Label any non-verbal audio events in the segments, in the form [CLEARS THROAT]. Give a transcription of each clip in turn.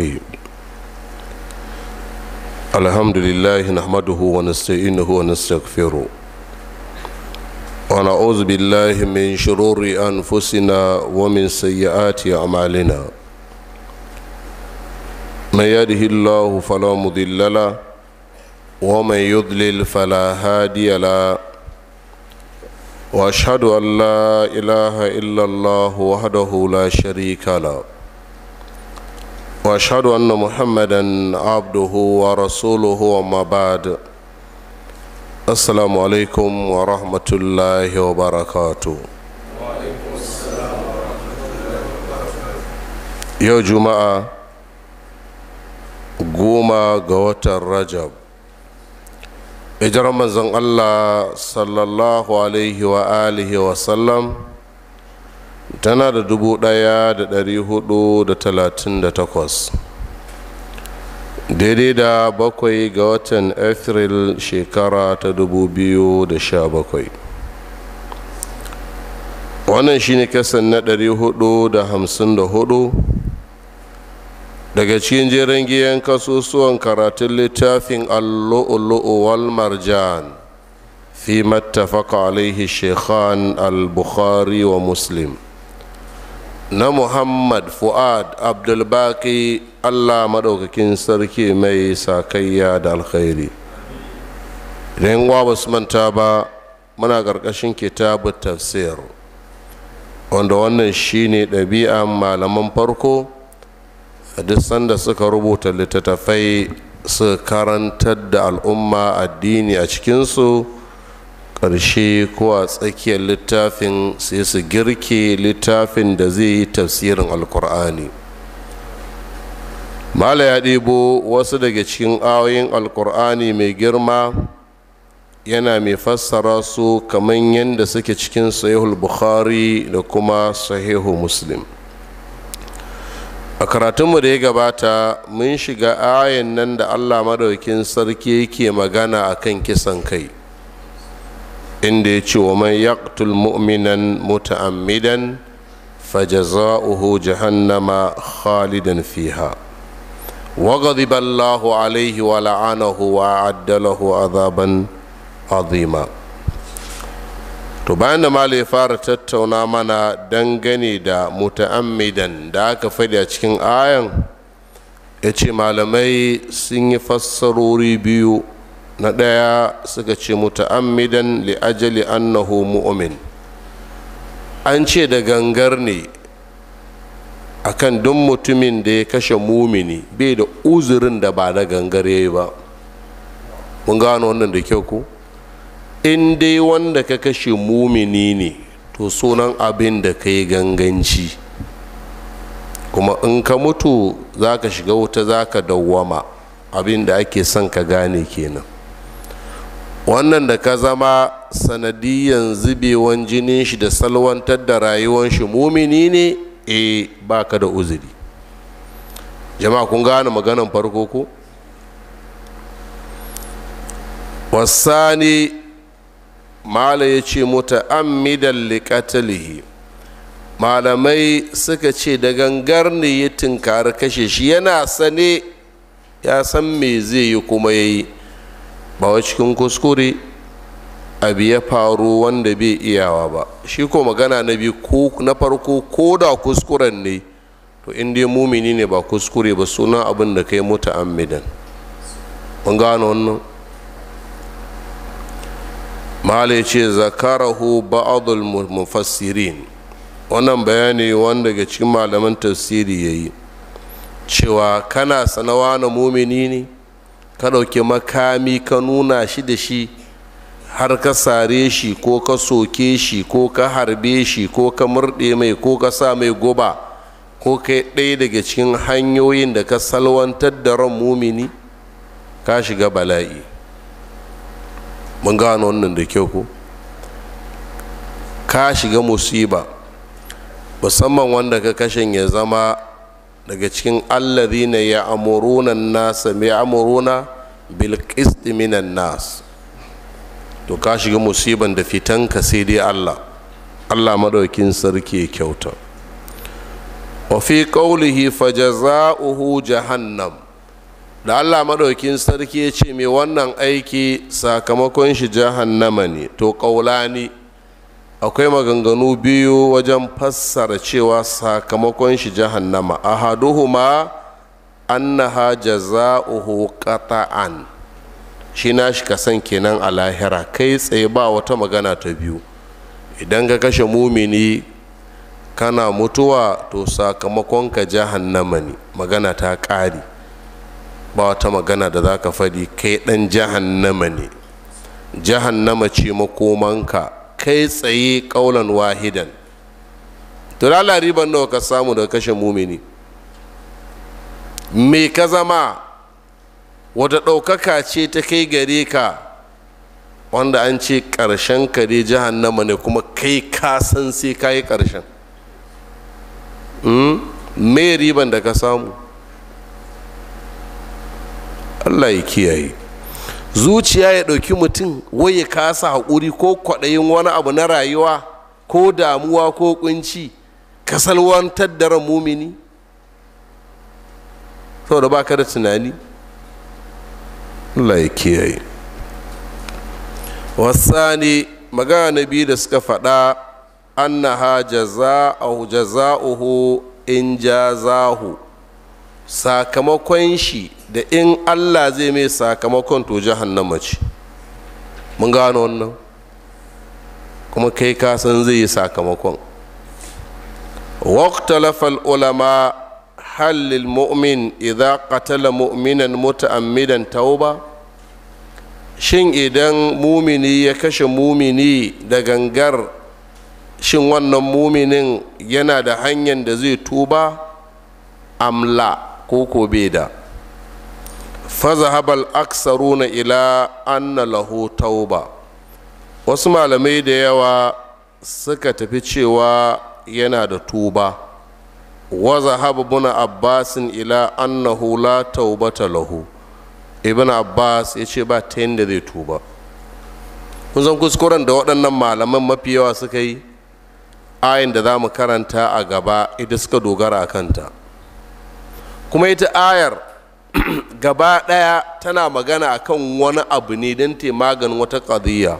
الحمد لله نحمده ونستعينه ونستغفره ونعوذ بالله من شرور أنفسنا ومن سيئات أعمالنا من يهده الله فلا مضل له ومن يضلل فلا هادي له وأشهد أن لا إله إلا الله وحده لا شريك له واشهد ان محمدا عبده ورسوله وما بعد السلام عليكم ورحمه الله وبركاته yau juma'a goma ga watan rajab ijar manzon allah sallallahu alaihi wa alihi wa sallam tana da dubu ɗaya da ɗari hudu da talatin da takwas daidai da bakwai ga watan afril shekara ta dubu biyu da sha bakwai wannan shine kasan na ɗari hudu da hamsin da hudu daga cikin jerin giyan kasusuwan karatun littafin allu'ulu'u wal marjan fi matafaka alaihi shekhan al-bukhari wa muslim na muhammad fu'ad abdulbaki allah maɗaukakin sarki mai sakayya da alkhairi idan wa ba su manta ba muna ƙarƙashin kitabu tafsir wanda wannan shine ɗabi'an malaman farko a duk sanda suka rubuta littattafai su karantar da al'umma addini a cikinsu ƙarshe ko a tsakiyar littafin sai su girke littafin da zai yi tafsirin alkur'ani mala ya ɗebo wasu daga cikin ayoyin alkur'ani mai girma yana mai fassara su kamar yadda suke cikin sahihul bukhari da kuma sahihu muslim a karatunmu da ya gabata mun shiga ayan nan da allah madaukin sarki yake magana a kan kisan kai inda ya ce wa man yaqtul mu'minan muta'ammidan فجزاؤه جهنم خالدا فيها وغضب wa la'anahu wa وأعد له عذابا azima to bayan da malai fara tattauna mana dangane da muta'ammidan da aka faɗi a cikin ayan ya ce malamai sun yi fassarori biyu na ɗaya suka ce muta'ammidan li ajali annahu mu'min an ce da gangar ne akan duk mutumin da ya kashe mumini bai da uzurin da ba na gangar yi ba mun gano wannan da kyau ko in dai wanda ka kashe mumini ne to sunan abin da ka yi ganganci kuma in ka mutu za ka shiga wuta za ka dawwama abin da ake son ka gane kenan wannan da ka zama sanadiyan zubewan jinin shi da salwantar da rayuwan shi mumini ne e eh, baka da uzuri jama'a kun gane maganan farko ko wasani mala ya ce mota muta'ammidan likatalihi malamai suka ce da gangar ne ya tunkari kashe shi yana sane ya san me zai yi kuma ya yi ba wa cikin kuskure abu ya faru wanda bai iyawa ba shi ko magana na biyu ko na farko ko da kuskuren ne to inda dai mumini ne ba kuskure ba suna abin da kai muta amidan mun gano wannan ce ya ce zakarahu ba'adul mufassirin wannan bayani wanda daga cikin malaman tafsiri ya yi cewa kana sanawa na mumini ne ka ɗauki makami ka nuna shi da shi har ka sare shi ko ka soke shi ko ka harbe shi ko ka murɗe mai ko ka sa mai guba ko kai ɗaya daga cikin hanyoyin da ka salwantar da ran mumini ka shiga bala'i mun gano wannan da kyau ko ka shiga musiba musamman wanda ka kashin ya zama daga cikin alladhina ya amuruna nasa mai amuruna qist minan nas to ka shiga musiban da fitan ka sai dai Allah Allah madaukin sarki kyauta wa fi qawlihi fajaza'uhu jahannam da Allah madaukin sarki ya ce mai wannan aiki sakamakon shi jahannama ne to kaulani akwai maganganu biyu wajen fassara cewa sakamakon shi jahannama ahaduhuma annaha jaza'uhu qata'an shi na shi kasan kenan a lahira kai tsaye ba wata magana ta biyu idan ka kashe mumini kana mutuwa to sakamakonka jahannama ne magana ta ƙari ba wata magana da za ka faɗi kai ɗan jahannama ne jahannama ce makomanka kai tsaye kaulan wahidan to riban nawa ka samu daga kashe mumini me ka zama wata ɗaukaka ce ta kai gare ka wanda an ce ƙarshen ka dai jahannama ne kuma kai ka san sai ka yi ƙarshen hmm? me riban da ka samu allah ya kiyaye zuciya ya ɗauki mutum wai ya kasa haƙuri ko kwaɗayin wani abu na rayuwa ko damuwa ko ƙunci kasalwantar da ran mumini saboda ba ka da tunani Allah ya kiyaye ne magana na biyu da suka faɗa ha jaza'uhu in jazahu sakamakon shi da in allah zai mai sakamakon to jahannama ce mun gano wannan kuma kai kasan san zai yi sakamakon lafal ulama halil mu'min idan qatala mu'minan muta'ammidan tauba shin idan mumini ya kashe mumini da gangar shin wannan muminin yana da hanyar da zai tuba amla ko ko bai da fazahabal aksaruna ila anna lahu tauba wasu malamai da yawa suka tafi cewa yana da tuba zahabu ibn abbasin ila annahu la taubata lahu ibn abbas ya ce ba ta da zai tuba kun san kuskuren da waɗannan malaman mafi yawa suka yi ayin da za mu karanta a gaba idan suka dogara a kanta kuma ita ayar [CLEARS THROAT] gaba ɗaya tana magana a kan wani abu ne don te maganin wata ƙadiyya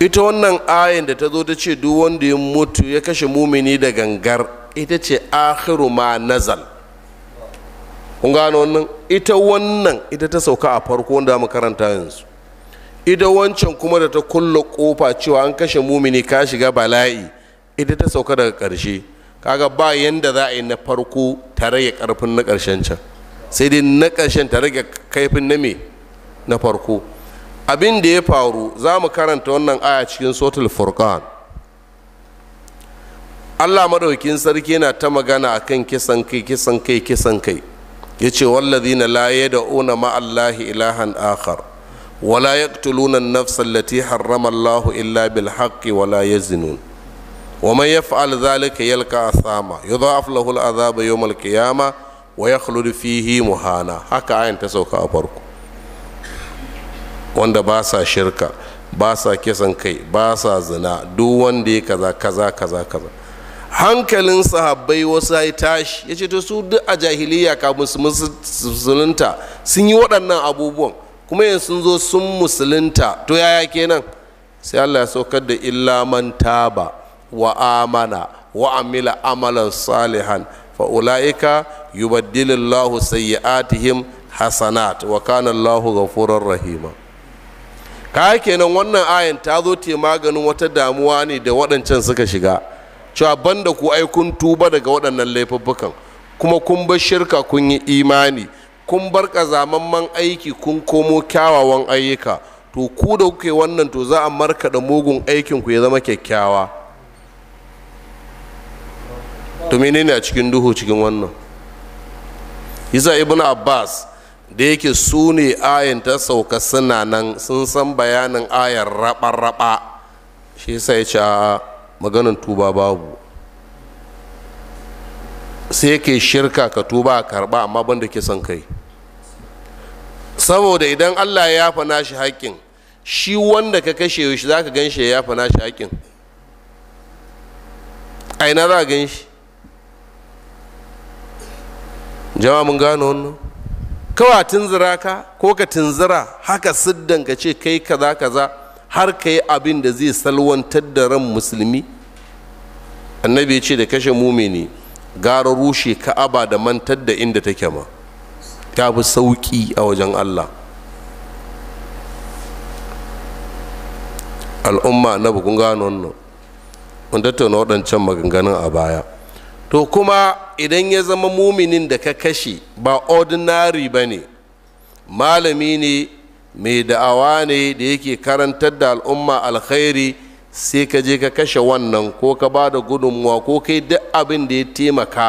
ita wannan ayin da ta zo ta ce duk wanda ya mutu ya kashe mumini da gangar ita ce akhiru ma nazal kun gano wannan ita wannan ita ta sauka a farko wanda mu karanta yanzu ita wancan kuma da ta kulla kofa cewa an kashe mumini ka shiga bala'i ita ta sauka daga ƙarshe kaga ba yanda za a yi na farko ta rage karfin na ƙarshen can sai dai na ƙarshen ta rage kaifin na me na farko abin da ya faru za mu karanta wannan aya cikin sotul furqan allah madaukin sarki yana ta magana a kan kisan kai kisan kai kisan kai ya ce wallazina da una ma'allahi ilahan akhar wala yaqtuluna an-nafsa allati harrama allah illa bil haqqi wala yazinun wa يفعل ذلك يلقى yalqa يضاعف له العذاب يوم yawm ويخلد فيه wa هكا عين muhana haka ayan ta sauka a farko wanda ba sa shirka ba sa kisan kai ba zina duk wanda hankalin sahabbai wasu ya tashi ya ce su duk a jahiliya ka musulunta sun yi waɗannan abubuwan kuma yanzu sun zo sun musulunta to yaya kenan sai allah ya saukar da illa man taba wa amana wa amila amalan salihan fa ulaika yubaddilu Allahu sayyi'atihim hasanat wa kana rahima ka kenan wannan ayan ta zo te maganin wata damuwa ne da waɗancan suka shiga cewa banda ku ai kun tuba daga waɗannan laifuffukan kuma kun bar shirka kun yi imani kun bar man aiki kun komo kyawawan ayyuka to ku da kuke wannan to za a markaɗa mugun aikin ku ya zama kyakkyawa to menene a cikin duhu cikin wannan isa ibn abbas da yake su ne ayin ta sauka suna nan sun san bayanin ayar raba-raba shi sa ya ce maganin tuba babu sai ke shirka ka tuba a karba amma banda kisan kai saboda idan allah ya fana shi haƙƙin shi wanda ka kashe shi za ka gan shi ya fana shi haƙƙin aina za a gan shi jama'a mun gano wannan kawa tunzura ka ko ka tunzura haka siddan ka ce kai kaza kaza har ka yi abin da zai salwantar da ran musulmi annabi ya ce da kashe mumini gara rushe ka'aba da mantar da inda take ma ta fi sauƙi a wajen allah al'umma na bukun gano wannan mun tattauna waɗancan maganganun a baya to kuma idan ya zama muminin da ka kashe ba ordinary ba ne malami ne mai da'awa ne da yake karantar da al'umma alkhairi sai ka je ka kashe wannan ko ka ba da gudunmuwa ko kai duk abin da ya taimaka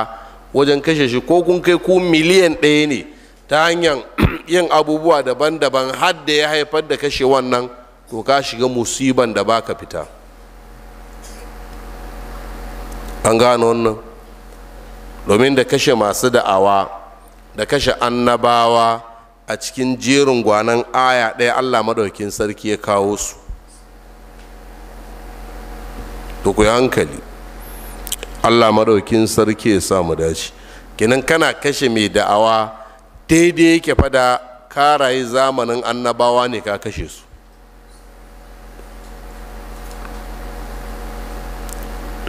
wajen kashe shi ko kun kai ku miliyan ɗaya ne ta hanyar [CLEARS THROAT] yin abubuwa daban-daban har da ya haifar da kashe wannan to ka shiga musiban da baka fita an gano wannan domin da kashe masu da'awa da kashe annabawa a cikin jerin gwanan aya ɗaya allah maɗaukin sarki ya kawo su to ku hankali allah maɗaukin sarki ya samu dace Kinan kana kashe mai da'awa daidai yake fada karaye zamanin annabawa ne ka kashe su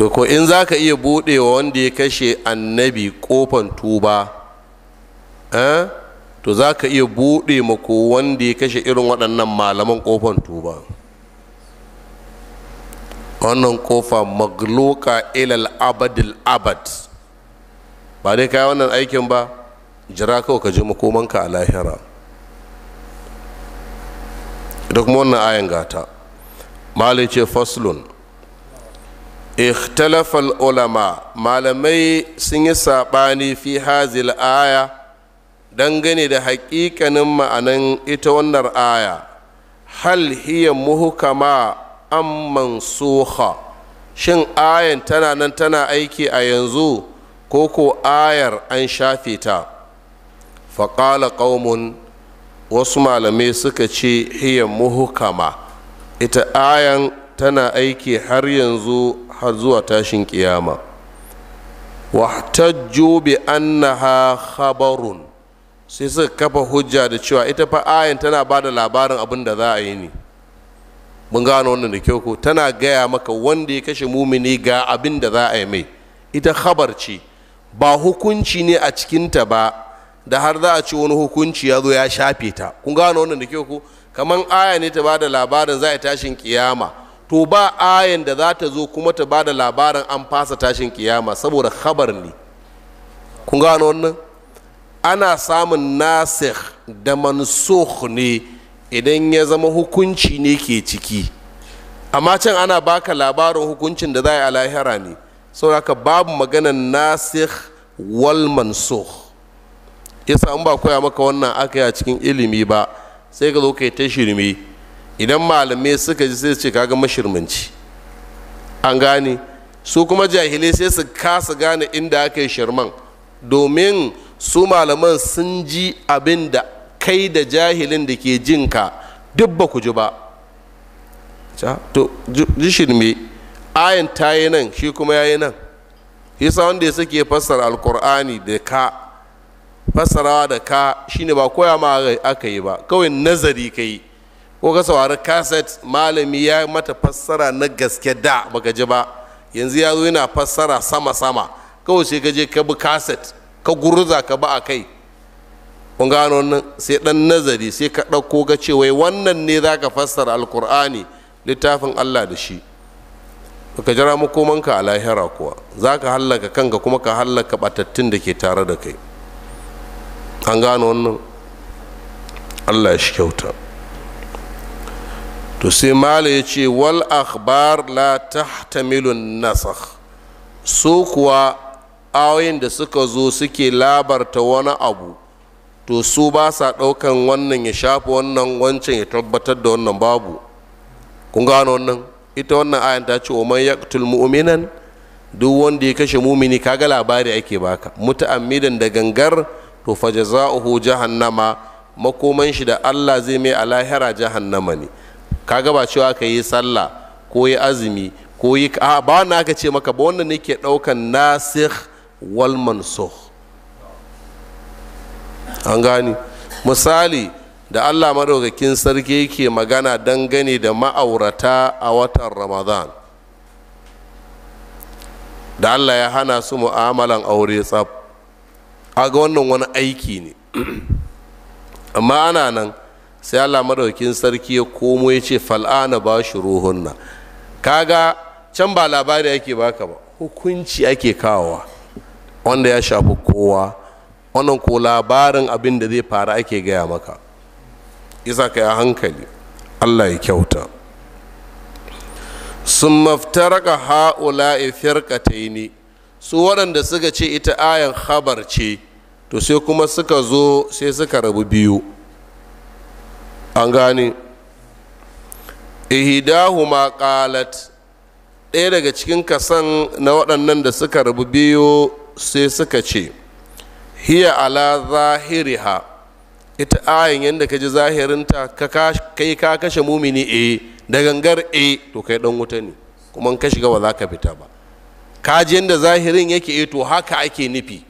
to ko in za ka iya buɗewa wanda ya kashe annabi ƙofan tuba eh? to za ka iya buɗe mako wanda ya kashe irin waɗannan malaman ƙofan tuba wannan ƙofa magloka ilal abadil abad ba dai kayi wannan aikin ba jira kawai ka ji makomanka a lahira duk kuma wannan ayan gata malai ce faslun ikhtalafal ulama malamai sun yi saɓani fi hazil aya dangane da hakikanin ma'anan ita wannan aya hal hiya muhukama an mansuha shin ayan tana nan tana aiki a yanzu ko ko ayar an shafe ta faƙala ƙaumun wasu malamai suka ce hiya muhukama ita ayan tana aiki har yanzu har zuwa tashin kiyama wahtajju bi annaha khabarun sai suka kafa hujja da cewa ita fa ayin tana ba da labarin abin da za a yi ne mun gano wannan da kyau ko tana gaya maka wanda ya kashe mumini ga abin da za a yi mai ita khabar ce ba hukunci ne a cikinta ba da har za a ce wani hukunci ya zo ya shafe ta kun gano wannan da kyau ko kamar aya ne ta ba da labarin za a tashin kiyama to ba ayan da za ta zo kuma ta ba da labarin an fasa tashin kiyama saboda khabar ne kun gano wannan ana samun nasir da mansukh ne idan ya zama hukunci ne ke ciki amma can ana baka labarin hukuncin da za a yi a lahira ne saboda babu maganan nasir wal mansukh ya samu ba koya maka wannan aka yi a cikin ilimi ba sai ka zo ka yi ta shirme idan malamai suka ji sai su ce kaga mashirmanci an gane su kuma jahilai sai su kasa gane inda aka yi shirman domin su malaman sun ji abin da kai da jahilin da ke jinka duk ba ku ji ba to ji shirme ayin ta yi nan shi kuma ya yi nan yasa wanda ya suke fassara alkur'ani da ka fassarawa da ka shine ba koya ma aka yi ba kawai nazari ka yi ko ka saurari kaset malami ya mata fassara na gaske da baka ji ba yanzu ya zo yana fassara sama-sama kawai sai ka je ka bi kaset ka gurza ka ba a kai kun gano nan sai dan nazari sai ka ɗauko ga cewa wannan ne za ka fassara alkur'ani littafin allah da shi ka jira makomanka a lahira kuwa za ka hallaka kanka kuma ka hallaka batattun da ke tare da kai an gano wannan allah ya shi kyauta to sai mala ya ce wal akhbar la tahtamilun nasakh su kuwa ayoyin da suka zo suke labarta wani abu to su ba sa ɗaukan wannan ya shafa wannan wancan ya tabbatar da wannan babu kun gano wannan ita wannan ayan ta ce oman yaqtul mu'minan duk wanda ya kashe mumini kaga labari ake baka muta'ammidan da gangar to fa jaza'uhu jahannama makoman shi da Allah zai mai a lahira jahannama ne kaga ba cewa ka yi sallah ko yi azumi ko yi a ba wannan aka ce maka ba wannan ne ke ɗaukan nasikh wal mansukh an gani misali da allah maɗaukakin sarki yake magana dangane da ma'aurata a watan ramadan da allah ya hana su mu'amalan aure tsab ga wannan wani aiki ne [CLEARS THROAT] amma ana nan sai allah madaukin sarki ya komo ya ce fal'ana ba shi ruhunna kaga can ba labari ake baka ba hukunci ake kawowa wanda ya shafi kowa wannan ko labarin abin da zai faru ake gaya maka isa ka hankali allah ya kyauta sun maftaraka ha'ula ifirkatai ne su waɗanda suka ce ita ayan habar ce to sai kuma suka zo sai suka rabu biyu an gane ihidahuma qalat ɗaya daga cikin kasan na waɗannan da suka rabu biyu sai suka ce hiya ala zahiriha ita ayin yadda ka ji zahirinta kai ka kashe mumini e da gangar e to kai ɗan wuta ne kuma ka shiga ba za ka fita ba ka ji yadda zahirin yake e to haka ake nufi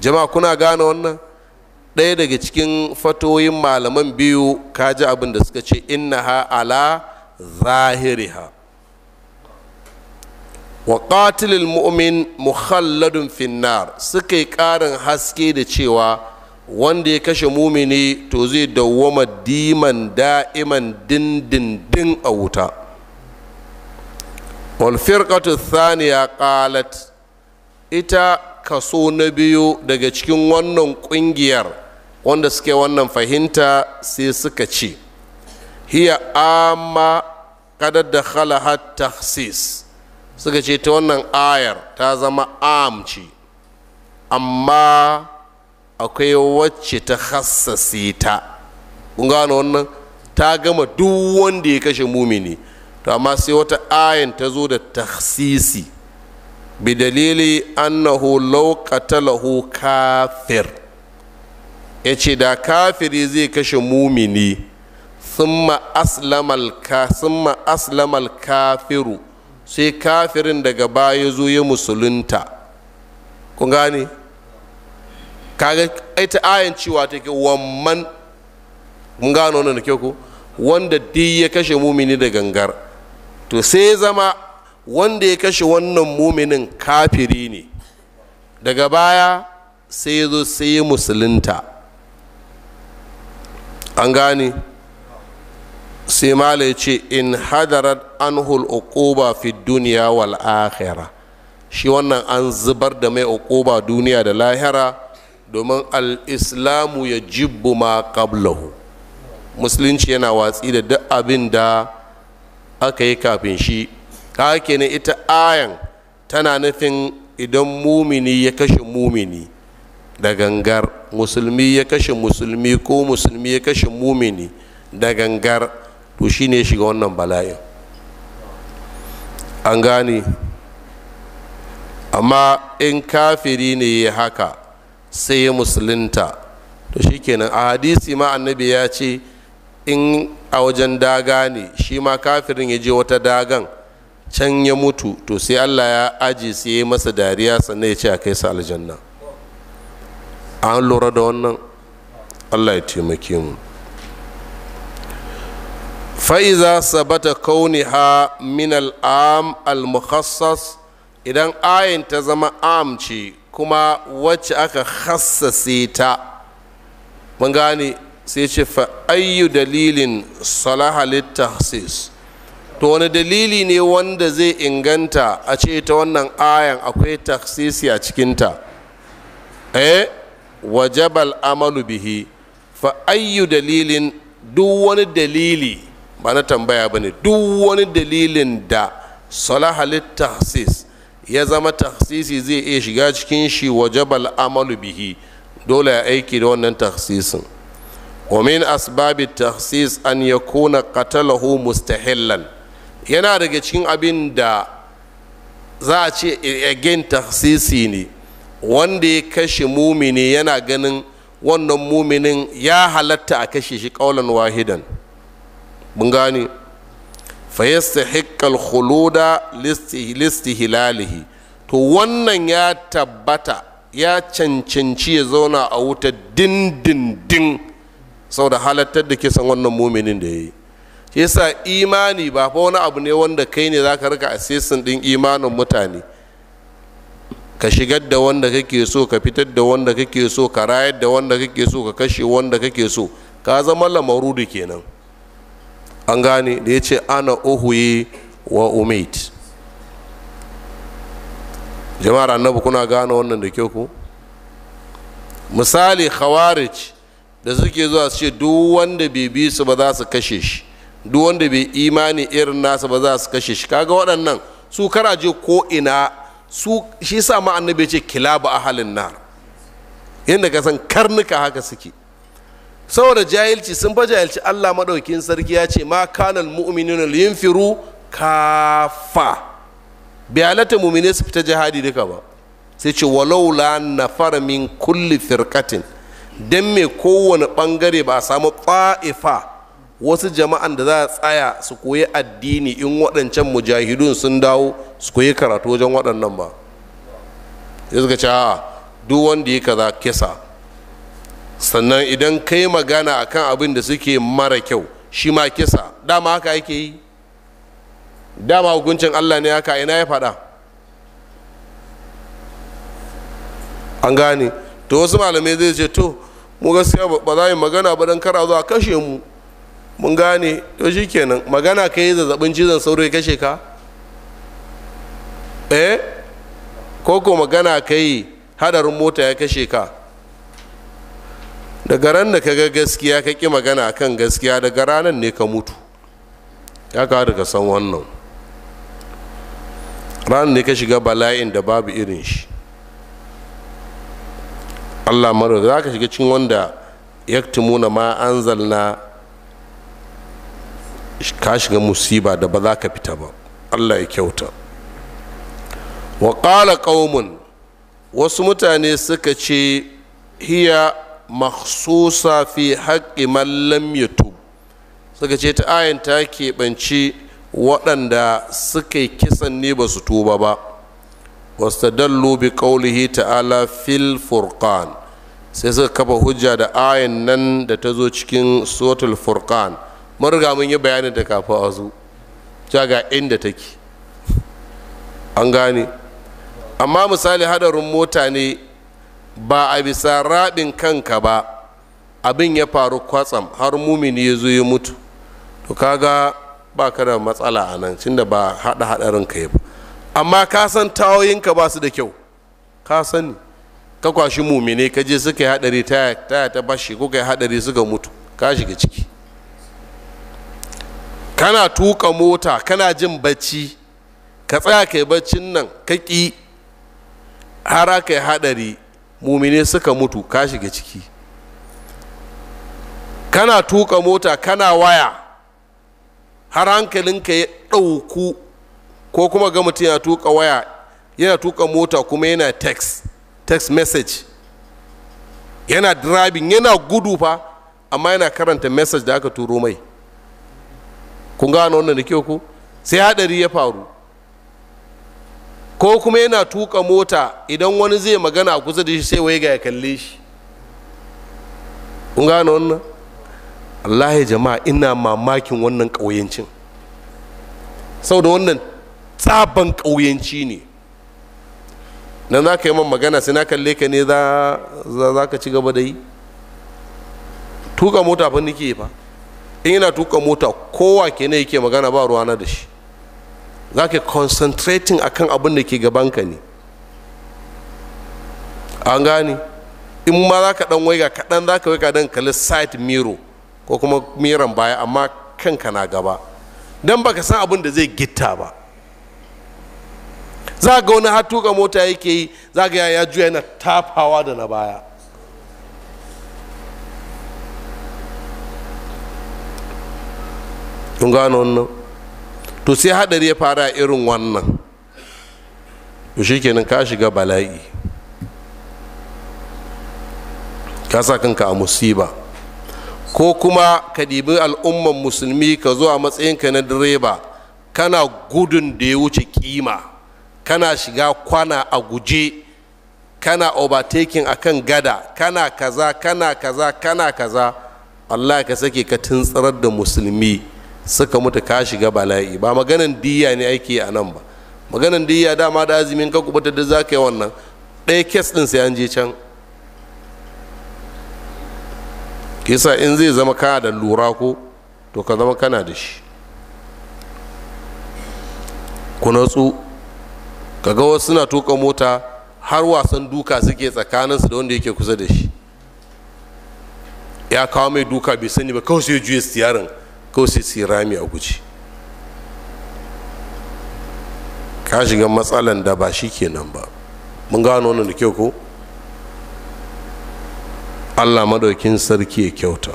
jama'a kuna gane wannan ɗaya daga cikin fatoyin malaman biyu ka ji abin da suka ce innaha ala zahiriha wa qatilul mu'min mukhalladun finnar suka yi ƙarin haske da cewa wanda ya kashe mumini to zai dawwama diman da'iman dindindin a wuta walfirƙatu thaniya qalat ita kaso na biyu daga cikin wannan ƙungiyar wanda suke wannan fahimta sai suka ce hiya amma kadar da khalahat tahsis suka ce ta wannan ayar ta zama amci amma akwai wacce ta hassasi ta gano wannan ta gama duk wanda ya kashe mumini to amma sai wata ayin ta zo da tahsisi bidalili annahu law qatalahu kafir ya ce da kafiri zai kashe mumini summa aslamal kafiru sai kafirin daga baya zo ya musulunta kun gane kaga ita ayan cewa ta ke wamman kun gano wannan ke ku wanda duk ya kashe mumini da gangar to sai zama wanda ya kashe wannan muminin kafiri ne daga baya sai zo sai musulunta an gani sai mala ya ce in hadarar anhul uquba fi duniya wal akhira shi wannan an zubar da mai uquba duniya da lahira domin al'islamu ya jibbu ma qablahu musulunci yana watsi da duk abin da aka yi kafin shi haka ne ita ayan tana nufin idan mumini ya kashe mumini da gangar musulmi ya kashe musulmi ko musulmi ya kashe mumini da gangar to shi ne shiga wannan bala'in an gane amma in kafiri ne ya haka sai ya musulunta to shi kenan a hadisi ma annabi ya ce in a wajen daga ne shi ma kafirin ya je wata dagan can ya mutu to sai allah ya aji sai ya masa dariya sannan ya ce a kai sa aljanna an lura da wannan allah ya taimake mu fa'iza sabata ha min al'am al-mukhassas idan ayin ta zama am ce kuma wacce aka hassase ta mun gane sai ce fa ayyu dalilin salahalit tahsis to wani dalili ne wanda zai inganta a ce ta wannan ayan akwai taksisi a cikinta eh wajabal amalu bihi fa ayyu dalilin duk wani dalili ba na tambaya ba ne duk wani dalilin da salahalit tahsis ya zama tahsisi zai iya shiga cikin shi wajabal amalu bihi dole ya aiki da wannan tahsisin ومن أسباب التخصيص أن يكون قتله مستحلا yana daga cikin abin da za a ce again taksisi ne wanda ya kashe mumini yana ganin wannan muminin ya halatta a kashe shi kaulan wahidan mun gani fayyasta hikkal listi hilalihi to wannan ya tabbata ya cancanci ya zauna a wuta dindindin sau da halattar da kisan wannan muminin da ya yi yasa imani ba fa wani abu ne wanda kai ne za ka rika asesin din imanin mutane ka shigar da wanda kake so ka fitar da wanda kake so ka rayar da wanda kake so ka kashe wanda kake so ka zama lamaru da kenan an gane da ya ce ana uhuyi wa umid jama'ar annabi kuna gane wannan da kyau ku misali khawarij da suke zuwa su ce duk wanda bai bi su ba za su kashe shi duk wanda bai imani irin nasa ba za su kashe shi kaga waɗannan su karaje ko ina su shi sa ma annabi ce kilabu halin nar yadda ka san karnuka haka suke saboda jahilci sun fa jahilci Allah maɗaukin sarki ya ce ma kana almu'minuna linfiru kafa bi halatta mu'mine su fita jihadi duka ba sai ce walaula nafar min kulli firkatin? dan me kowane bangare ba a samu ta'ifa wasu jama'an da za a tsaya su koyi addini in waɗancan mujahidun sun dawo su koyi karatu wajen waɗannan ba ya suka ce a duk wanda ya kaza kisa sannan idan kai magana akan abin da suke mara kyau shi ma kisa dama haka ake yi dama hukuncin allah ne haka ina ya faɗa an gane to wasu malamai zai ce to mu gaskiya ba za yi magana ba don kara zuwa kashe mu mun gane to shi kenan magana ka yi zazzabin cizon sauro ya kashe ka eh ko ko magana ka yi hadarin mota ya kashe ka daga ran da ka ga gaskiya ka ƙi magana kan gaskiya daga ranar ne ka mutu ya ka daga san wannan ranar ne ka shiga bala'in da babu irin shi allah mara za ka shiga cin wanda ya tumuna ma anzalna ka shiga musiba da ba za ka fita ba allah ya kyauta wa ƙala ƙaumun wasu mutane suka ce hiya maksusa fi haƙƙi mallam tu suka ce ta ayin ta keɓanci waɗanda suka yi kisan ne ba su tuba ba wastadallu bi ƙaulihi ta'ala fil furqan sai suka kafa hujja da ayin nan da ta zo cikin suratul furqan mun riga mun yi bayanin da kafin a zo ja ga inda take an gane amma misali hadarin mota ne ba a bisa rabin kanka ba abin ya faru kwatsam har mumini ya zo ya mutu to kaga ba ka da matsala a nan cinda ba haɗa haɗarin ka ba amma ka san tawoyinka ba su da kyau ka sani ka kwashi mumine ka je suka yi haɗari ta ta bashi ko ka yi haɗari suka mutu ka shiga ciki kana tuka mota kana jin bacci ka tsaya kai baccin nan kaki ƙi har aka yi haɗari mumine suka mutu ka shiga ciki kana tuka mota kana waya har hankalinka ya ɗauku ko kuma ga mutum ya tuka waya yana tuka mota kuma yana text text message yana driving yana gudu fa amma yana karanta message da aka turo mai kun gane wannan da kyau ku sai haɗari ya faru ko kuma yana tuka mota idan wani zai magana a kusa da shi sai waiga ya kalle shi kun gane wannan allahi jama'a ina mamakin wannan ƙauyancin saboda wannan tsaban ƙauyanci ne nan za ka yi man magana sai na kalle ka ne za ka ci gaba da yi tuka mota fa nike fa in yana tuka mota kowa ke ne yake magana ba ruwa na da shi za ka concentrating akan abin da ke gabanka ne an gane in ma za ka dan waiga kaɗan za ka waiga dan kalli side miro ko kuma miran baya amma kanka na gaba don baka san abin da zai gitta ba za ga wani har tuka mota yake yi za ga ya juya yana tafawa da na baya kun gano wannan to sai hadari ya fara irin wannan to kenan ka shiga bala'i ka sa kanka a musiba ko kuma ka ɗibi al'ummar musulmi ka zo a matsayinka na direba kana gudun da ya wuce kima kana shiga kwana a guje kana overtaking kan gada kana kaza kana kaza kana kaza allah ka sake ka tsarar da musulmi suka mutu ka shiga bala'i ba maganan diya ne aiki a nan ba maganan diya dama da azumin ka kubuta da za ka yi wannan ɗaya kes ɗin sai an je can kisa in zai zama ka da lura ko to ka zama kana da shi ku natsu kaga wasu suna tuka mota har wasan duka suke tsakaninsu da wanda yake kusa da shi ya kawo mai duka bai sani ba kawai sai juya siyarin ko sai su rami a guji ka shiga matsalan da ba shi kenan ba mun gano wannan da kyau ko allah madaukin sarki ya kyauta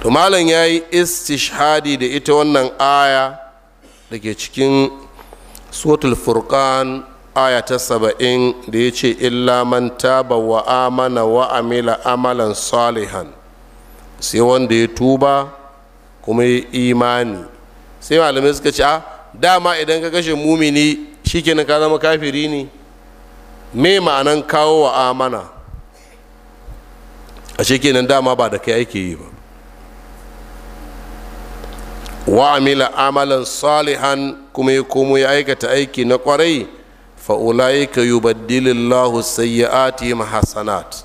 to malam ya yi istishhadi da ita wannan aya da ke cikin sotul furkan aya ta saba'in da ya ce illa man taba wa amana wa amila amalan salihan sai wanda ya tuba kuma imani sai malamai suka ce a ah, dama idan ka kashe mumini shikenan ka zama kafiri ne me ma'anan kawo wa amana a shikenan dama ba da kai ake yi ba wa amila amalan salihan kuma ya komo ya aikata aiki na kwarai ya yubaddilillahu sayyi'atihim hasanat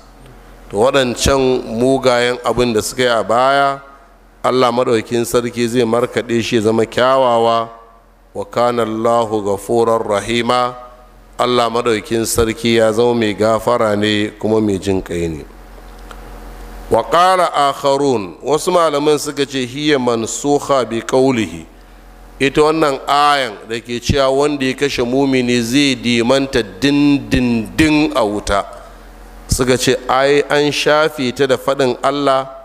to waɗancan mugayen abin da suka yi a baya allah maɗaukin sarki zai markaɗe shi zama kyawawa wa kana allahu gafurar rahima allah maɗaukin sarki ya zama mai gafara ne kuma mai jin ƙai ne wa ƙara akharun wasu malaman suka ce hiya mansuha bi kaulihi ita wannan ayan da ke cewa wanda ya kashe mumini zai dimanta dindindin a wuta suka ce ai an shafe ta da faɗin allah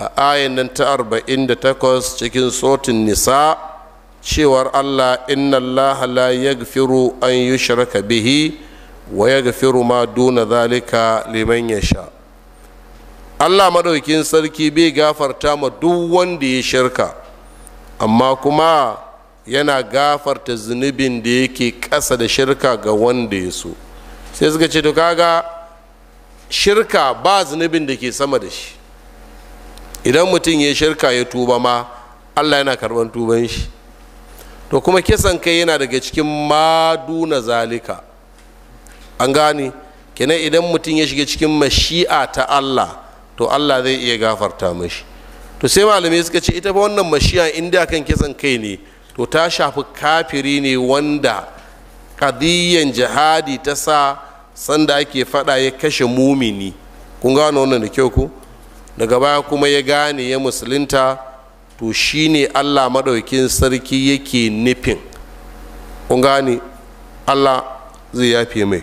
a ayan nan ta takwas cikin sotin nisa cewar allah inna allah la yaghfiru an yushraka bihi wa yaghfiru ma duna zalika liman sha. allah madaukin sarki bai gafarta ma duk wanda ya shirka amma kuma yana gafarta zunubin da yake ƙasa da shirka ga wanda ya so sai suka ce to kaga shirka ba zunubin da ke sama da shi idan mutum ya shirka ya tuba ma allah yana karban tuban shi to kuma kisan kai yana daga cikin maduna zalika an gane kenan idan mutum ya shiga cikin mashi'a ta allah to allah zai iya gafarta mashi to sai malamai suka ce ita ba wannan mashi'a inda kan kisan kai ne to ta shafi kafiri ne wanda kadiyyan jihadi ta sa sanda ake fada ya kashe mumini kun gano wannan da kyau ku daga baya kuma ya gane ya musulunta to ne allah maɗaukin sarki yake nufin kun gane allah zai yafe mai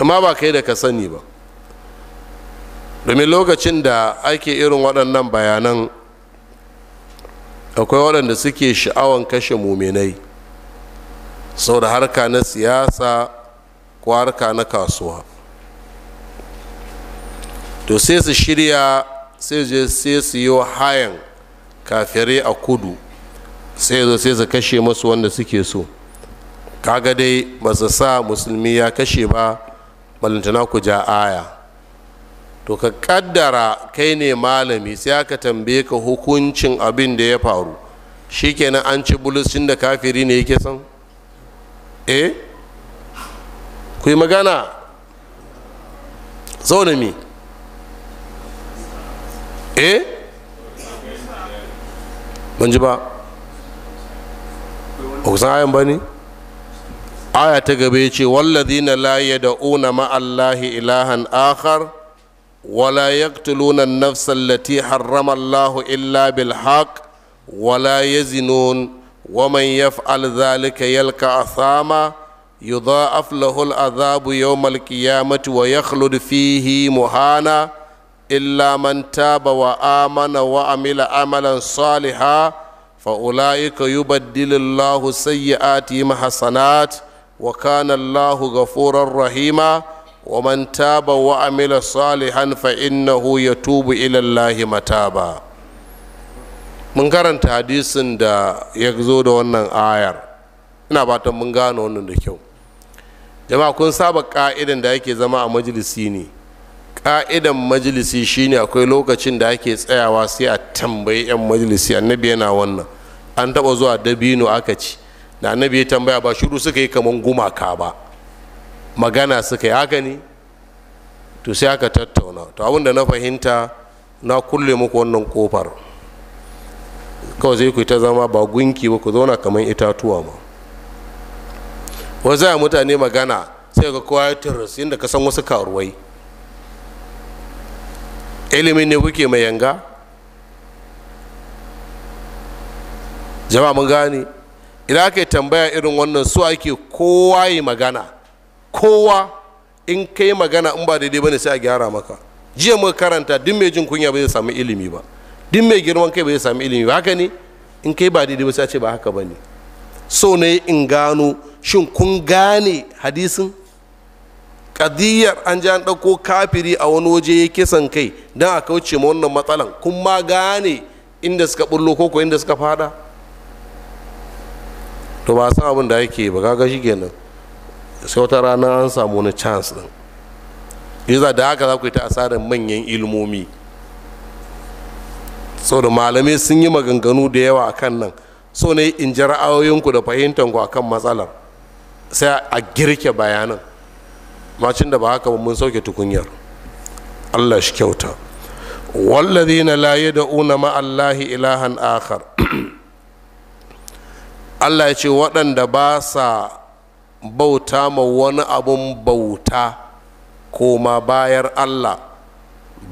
amma ba kai da ka sani ba domin lokacin da ake irin waɗannan bayanan akwai waɗanda suke sha'awan kashe muminai sau da harka na siyasa ko harka na kasuwa to sai su shirya sai je sai su yi hayan kafirai a kudu sai zo sai su kashe masu wanda suke so kaga dai ba su sa musulmi ya kashe ba balantana ku ja aya to ka kaddara kai ne malami sai aka tambaye ka hukuncin abin da ya faru shi shikenan an ci bulusin da kafiri ne yake son eh ku yi magana zaune mi eh ban ji ba san ayan ba ne aya ta gaba ya ce walladina la yad'una ma'allahi ilahan akhar wala yaqtuluna an-nafsa allati harrama Allah illa bil haqq wala yazinun wa man yaf'al dhalika yalqa athama yudha'af lahu al-'adhabu yawm al-qiyamati wa yakhlud fihi muhana illa man taba wa amana wa amila amalan saliha fa ulaika yubaddilu Allahu sayyi'atihim hasanat wa kana Allahu ghafurar rahima wa man taba wa amila salihan fa ya tubu ila mata ba. mun karanta hadisin da ya zo da wannan ayar ina fatan mun gano wannan da kyau jama'a kun saba ka'idan da yake zama a majalisi ne ka'idan majalisi shine akwai lokacin da ake tsayawa sai a tambayi 'yan majalisi annabi yana wannan an taba zuwa dabino aka ci da annabi ya tambaya ba shiru suka yi kaman gumaka ba magana suka yi haka ne to sai aka tattauna to abin na fahimta na kulle muku wannan kofar kawai zai ku ta zama ba gunki ba ku zauna kamar itatuwa ma wasu mutane magana sai ga kowa ya tiris inda ka san wasu karuwai ilimin ne kuke mai yanga jama'a mun gane idan aka tambaya irin wannan su ake kowa yi magana kowa in kai magana in ba daidai ba ne sai a gyara maka jiya muka karanta duk mai jin kunya ba zai samu ilimi ba duk mai girman kai ba zai samu ilimi ba haka ne in kai ba daidai ba sai a ce ba haka ba ne so ne in gano shin kun gane hadisin kadiyar an ji an ɗauko kafiri a wani waje ya kisan kai don a kauce ma wannan matsalan kun ma gane inda suka ɓullo ko ko inda suka fada to ba san abin da yake ba gaga shi kenan sai wata rana an samu wani chance din yanzu da haka za ku yi ta asarar manyan ilmomi da malamai sun yi maganganu da yawa kan nan so ne in ji ra'ayoyinku da fahimtanku akan matsalar sai a girke bayanan macin da ba haka ba mun sauke tukunyar allah shi kyauta wallazina la yad'una ma allahi ilahan akhar [CLEARS THROAT] allah ya ce waɗanda ba sa bauta ma wani abun bauta ko ma bayar allah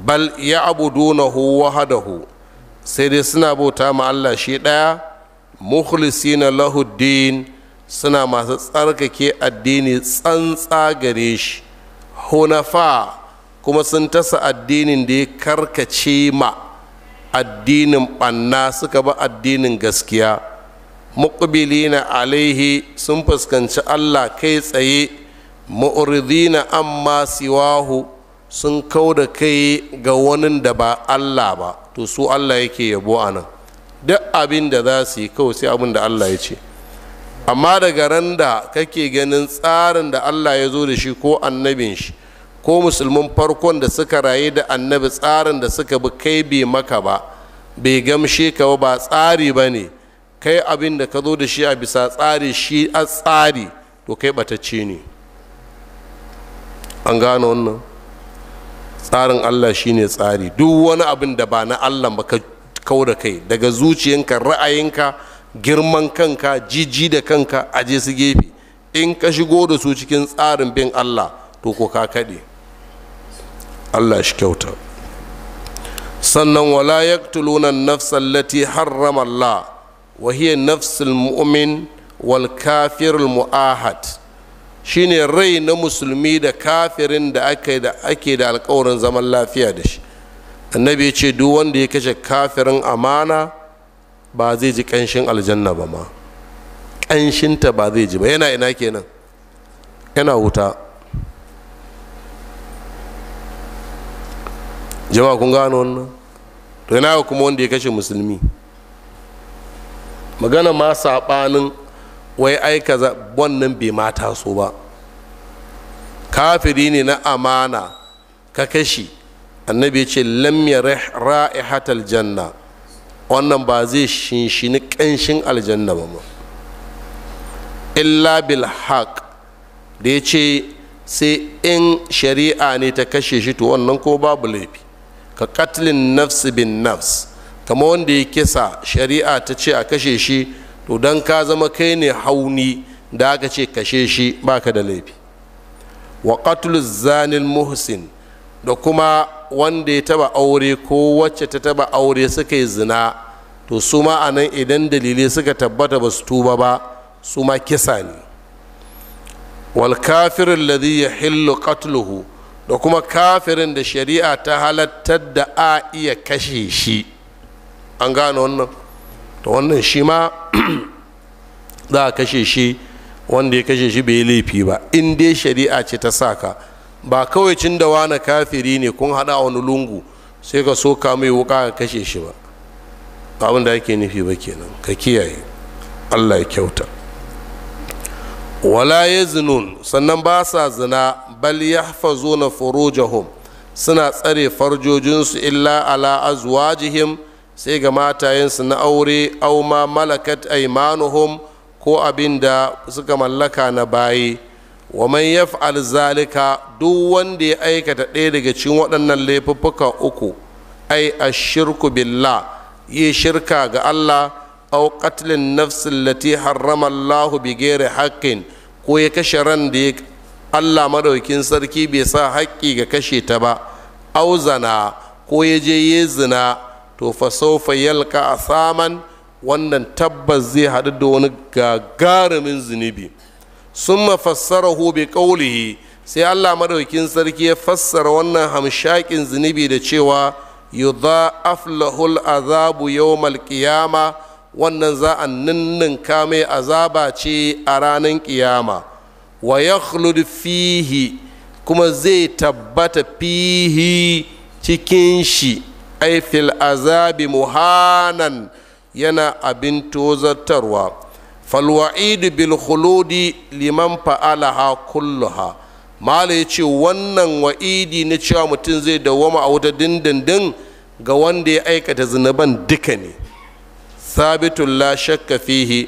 bal ya abudunahu wahadahu sai dai suna bauta ma allah shi ɗaya mukhlisina lahuddin suna masu tsarkake addini tsantsa gare shi hunafa kuma sun tasa addinin da ya karkace ma addinin ɓanna suka ba addinin gaskiya muqbilina alaihi sun fuskanci allah kai tsaye ma'uridina amma siwahu sun kau da kai ga wani da ba allah ba to su allah yake yabo a nan duk abin da za su yi kawai sai abin da allah ya ce amma daga ran da kake ganin tsarin da allah ya zo da shi ko annabin shi ko musulmin farkon da suka raye da annabi tsarin da suka bi kai bai maka ba bai gamshe ka ba tsari ba ne kai abin da ka zo da shi a bisa tsari shi a tsari to kai batacce ne an gano wannan tsarin allah shine tsari duk wani abin da ba na allah ba ka kau kai daga zuciyanka ra'ayinka girman kanka jiji da kanka aje su gefe in ka shigo da su cikin tsarin bin allah to ko ka kaɗe allah shi kyauta sannan wala yaktuluna nafs allati harrama allah wa hiya al mu'min wal kafir mu'ahad shine rai na musulmi da kafirin da ake da ake da alkawarin zaman lafiya da shi annabi ya ce duk wanda ya kashe kafirin amana ba zai ji ƙanshin aljanna ba ma ƙanshinta ba zai ji ba yana ina kenan yana wuta jama'a kun gano wannan to yana kuma wanda ya kashe musulmi magana ma saɓanin wai aika wannan bai mata so ba kafiri ne na amana ka kashi annabi ce lam yarih ra'ihatal janna wannan ba zai shinshini ƙanshin aljanna ba mu illa bil haq da ya ce sai in shari'a ne ta kashe shi to wannan ko babu laifi ka katlin nafsi bin nafs kama wanda ya kisa shari'a ta ce a kashe shi to don ka zama kai ne hauni da aka ce kashe shi baka da laifi wa qatlul zanil muhsin da kuma wanda ya taba aure ko wacce ta taba aure suka yi zina to su ma a nan idan dalilai suka tabbata ba su tuba ba su ma kisa ne wal kafirin ya katluhu da kuma kafirin da shari'a ta halattar da a iya kashe shi an gane wannan to wannan shi ma [CLEARS THROAT] za a kashe shi wanda ya kashe shi bai laifi ba in dai shari'a ce ta saka ba kawai cin da wani kafiri ne kun hada a wani lungu sai ka so ka mai wuka ka kashe shi ba abin da ake nufi ba kenan ka kiyaye allah ya kyauta wala ya zinun sannan ba sa zina bal ya fazo na furujahum suna tsare farjojinsu illa ala azwajihim sai ga matayensu na aure auma ma malakat aimanuhum ko abin da suka mallaka na baye wa man yaf'al zalika duk wanda ya aikata ɗaya daga cikin waɗannan laifuka uku ai ashirku billah yi shirka ga Allah aw qatlin nafsin lati harrama Allah bi ghairi haqqin ko ya kashe ran da ya Allah madaukin sarki bai sa haƙƙi ga kashe ta ba aw ko ya je ya zina to fa sawfa yalqa asaman wannan tabbas zai haɗu da wani gagarumin zunubi summa fassarahu bi qawlihi sai Allah madaukin sarki ya fassara wannan Hamshaƙin zunubi da cewa yudha'af lahul azabu yawmal qiyama wannan za a ninninka mai azaba ce a ranar ƙiyama. wa yakhlud fihi kuma zai tabbata fihi cikin shi aifil filazabi muhanan yana abin tozartarwa falwa'idu bil khuludi liman fa'alaha kulluha mala yace wannan wa'idi na cewa mutum zai dawwama a wuta dindindin ga wanda ya aikata zinuban duka ne sabitun la shakka fihi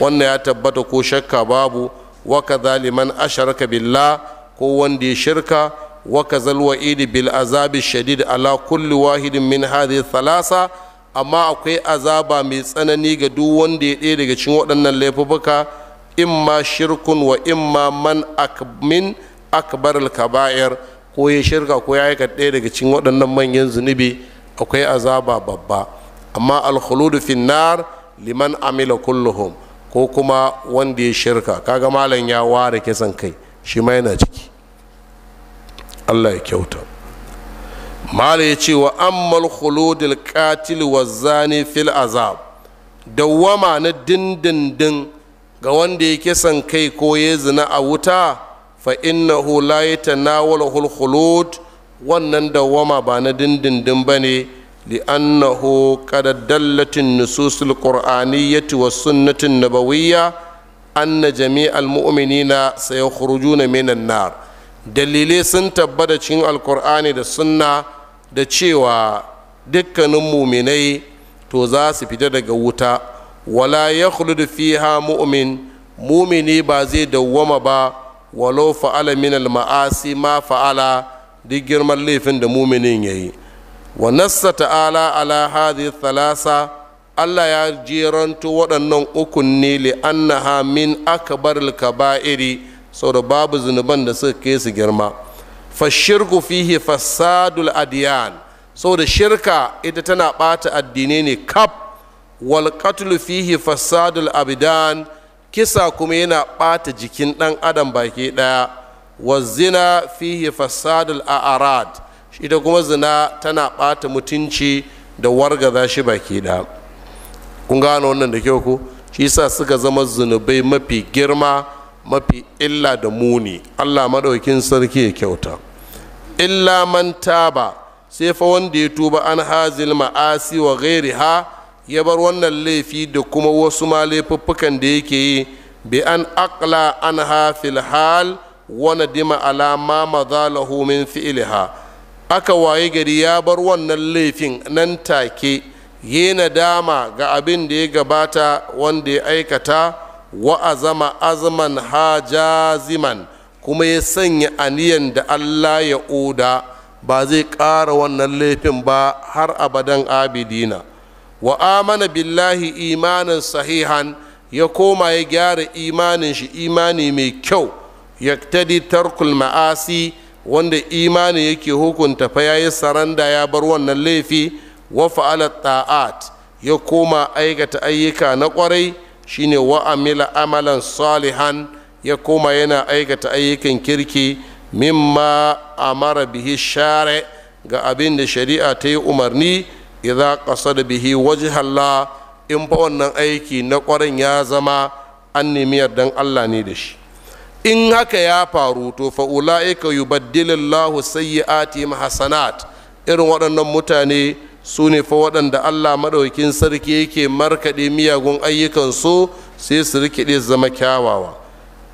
wannan ya tabbata ko shakka babu wa kaza liman asharaka billah ko wanda ya shirka wa kazal wa'idi bil azabi shadid ala kulli wahidin min hadhihi thalasa amma akwai azaba mai tsanani ga duk wanda ya ɗaya daga cikin waɗannan laifuka imma shirkun wa imma man akmin akbar kaba'ir ko ya shirka ko ya aikata ɗaya daga cikin waɗannan manyan zunubi akwai azaba babba amma alkhuludu finnar liman amila kulluhum ko kuma wanda ya shirka kaga malam ya ware kisan kai shi ma yana ciki allah ya kyauta mala ya ce wa ammal khuludul katil wa zani fil azab dawwama na dindindin ga wanda ya kisan kai ko ya zina a wuta fa innahu la yatanawalul khulud wannan dawwama ba na dindindin bane li'annahu qad dallatin nususul qur'aniyyati was sunnatin nabawiyya anna jami'al mu'minina sayakhrujuna minan nar dalilai sun tabbata cikin alkur'ani da sunna da cewa dukkanin muminai to za su fita daga wuta wala ya fiha mu'min mumini ba zai dawwama ba walau fa'ala min maasi ma fa'ala duk girman laifin da muminin ya yi. wa nassa ta'ala ala hadhihi thalasa Allah ya jeranto waɗannan ukun ne li'annaha min akbaril kaba'iri saboda babu zunuban da suka kai su girma fashirku fihi fasadul adiyan saboda shirka ita tana bata addinai ne kaf wal fihi fasadul abidan kisa kuma yana bata jikin dan adam baki daya wa zina fihi fasadul a'arad ita kuma zina tana bata mutunci da wargaza shi baki ɗaya kun gano wannan da kyau ku shi yasa suka zama zunubai mafi girma mafi illa da muni allah maɗaukin sarki ya kyauta illa man taba sai fa wanda ya tuba an hazil ma'asi wa gairi ha ya bar wannan laifi da kuma wasu ma laifuffukan da yake yi bi an akla an ha hal wani dima alama ma min fi'liha aka waye gari ya bar wannan laifin nan take yi dama ga abin da ya gabata wanda ya aikata wa'azama azama azman hajaziman kuma ya sanya aniyan da Allah ya oda ba zai ƙara wannan laifin ba har abadan abidina wa amana billahi imanin sahihan ya koma ya gyara imanin shi imani mai kyau ya tadi tarkul ma'asi wanda imani yake hukunta fa yayi saranda ya bar wannan laifi wa fa'ala ta'at ya koma aikata ayyuka na kwarai shine wa amila amalan salihan ya koma yana aikata ayyukan kirki mimma amara bihi share ga abin da shari'a ta yi umarni ƙasa da bihi waje halla in fa wannan aiki na kwarin ya zama an nemi yardan Allah ne da shi in haka ya faru to fa ulaika yubaddilillahu sayyi'atihim hasanat irin waɗannan mutane su ne fa waɗanda allah maɗaukin sarki yake markaɗe miyagun ayyukansu sai su rikide zama kyawawa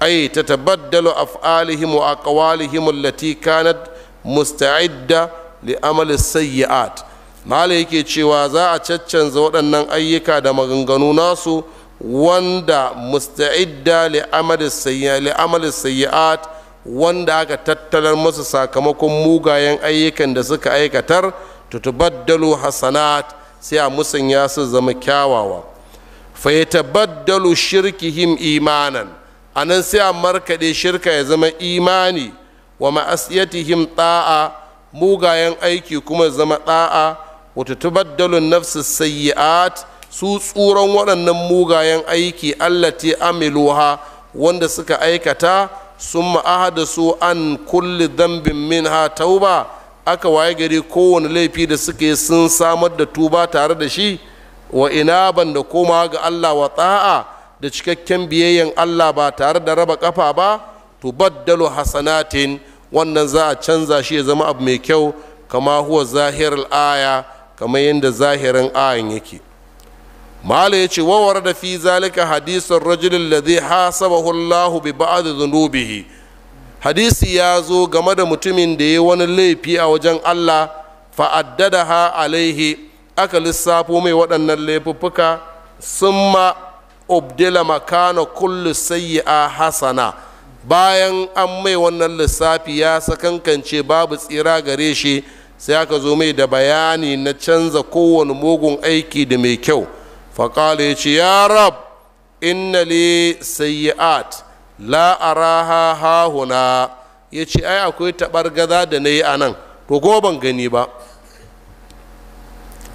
ai ta tabaddalu af'alihim wa aqwalihim allati kanat musta'idda li amali sayyi'at mala yake cewa za a caccanza waɗannan ayyuka da maganganu nasu wanda musta'idda li amali sayyi'at wanda aka tattalar musu sakamakon mugayen ayyukan da suka aikatar tutubaddalu hasanat sai a musanya su zama kyawawa fa yatabaddalu shirkihim imanan anan sai a markade shirka ya zama imani wa ma'asiyatihim ta'a mugayen aiki kuma zama ta'a wa tutubaddalu nafsu sayyi'at su tsuran waɗannan mugayen aiki Allah allati amiluha wanda suka aikata sun ma'ahada su an kulli dambin minha tauba aka waye gari kowane laifi da suke sun samar da tuba tare da shi wa inaban da koma ga Allah wa ta'a da cikakken biyayyen Allah ba tare da raba kafa ba to baddalu hasanatin wannan za a canza shi ya zama abu mai kyau kama huwa zahir aya kamar yadda zahirin ayan yake mala ya ce wawar da fi zalika hadisin rajulin da zai hasabahu Allah bi ba'ad dhunubihi hadisi ya zo game da mutumin da ya wani laifi a wajen allah fa'addada ha alaihi aka lissafo mai waɗannan laifuffuka sun ma ubdila makana kullu sayyi'a hasana bayan an mai wannan lissafi ya sakankance babu tsira gare shi sai aka zo mai da bayani na canza kowane mugun aiki da mai kyau faƙala ya ce ya rab inna li sayyi'at la'araha hahuna ya ce ai akwai taɓar gaza da na yi a nan to kuma ban gani ba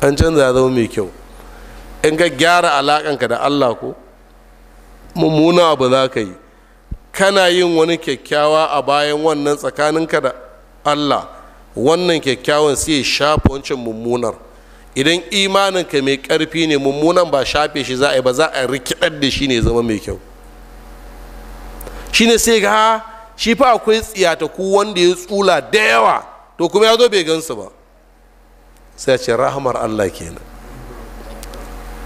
an canza zama mai kyau in ga gyara alaƙanka da allah ko mummuna abu za ka yi kana yin wani kyakkyawa a bayan wannan tsakaninka da allah wannan kyakkyawan sai ya shafa wancan mummunar idan imaninka mai ƙarfi ne mummunan ba shafe shi za a yi ba za a rikidar da shi ne zama mai kyau ne sai ga shi fa akwai ku wanda ya tsula da yawa to kuma ya zo bai gansu ba sai ce rahamar allah kenan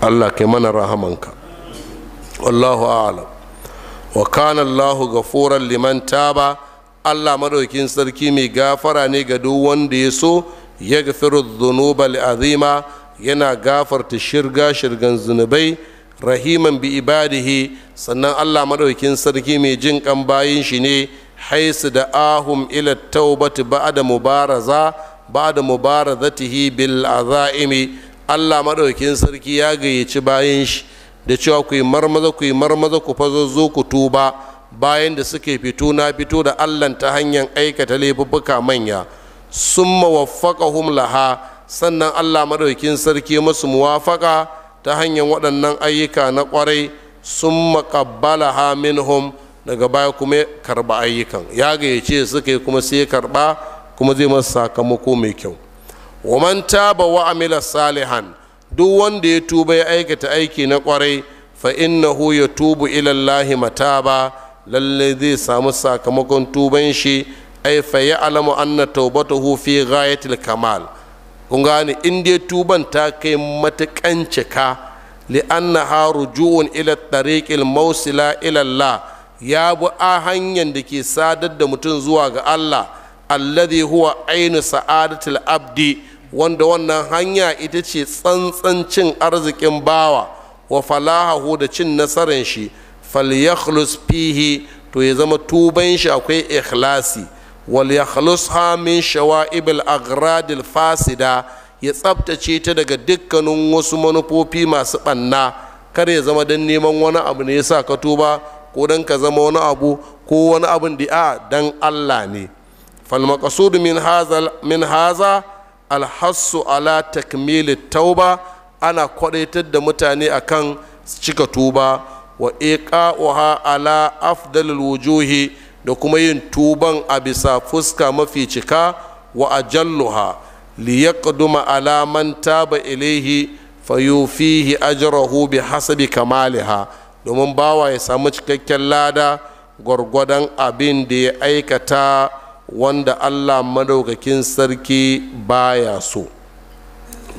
allah kai mana rahamanka wallahu a'lam wa kana allahu gafuran liman taba allah madaukin sarki mai gafara ne ga duk wanda ya so ya gafiru dhunuba yana gafarta shirga shirgan zunubai rahiman bi ibadihi sannan allah maɗaukin sarki mai jin kan bayin shi ne haisu da ahum ila taubati ba'da mubaraza ba'da mubarazatihi bil azaimi allah maɗaukin sarki ya gayyaci bayin shi da cewa ku yi marmaza ku yi marmaza ku zo ku tuba bayan da suke fito na fito da allah ta hanyar aikata laifuffuka manya summa waffaqahum laha sannan allah maɗaukin sarki masu muwafaka ta hanyar waɗannan ayyuka na ƙwarai sun maƙabbala ha hom daga baya kuma ya karɓa ayyukan ya gayyace suka yi kuma sai ya karɓa kuma zai masa sakamako mai kyau waman taba wa amila salihan duk wanda ya tuba ya aikata aiki na ƙwarai fa hu ya tubu ilallahi mataba lalle zai samu sakamakon tuban shi ai fa ya alamu anna taubatahu fi ghayatil kamal kun gane in dai tuban ta kai matakan cika anna ha rujuun ila tariqil mausila ila Allah ya bu a hanyar da ke sadar da mutum zuwa ga Allah alladhi huwa ainu sa'adatul abdi wanda wannan hanya ita ce tsantsan cin arzikin bawa wa falahahu da cin nasaran shi falyakhlus fihi to ya zama tuban shi akwai ikhlasi wal yakhlusha min shawa'ib al fasida ya tsabtace ta daga dukkanin wasu manufofi masu banna kar ya zama dan neman wani abu ne yasa ka tuba ko dan ka zama wani abu ko wani abin da a dan Allah ne fal maqsud min haza min al hassu ala takmil tauba ana kwadaitar da mutane akan cika tuba wa iqa'uha ala afdalil wujuhi da kuma yin tuban a bisa fuska mafi cika wa ajalluha li taba ilaihi fayufihi ajirahu bi hasabi kamaliha domin bawa ya samu cikakken lada gwargwadon abin da ya aikata wanda allah madaukakin sarki baya so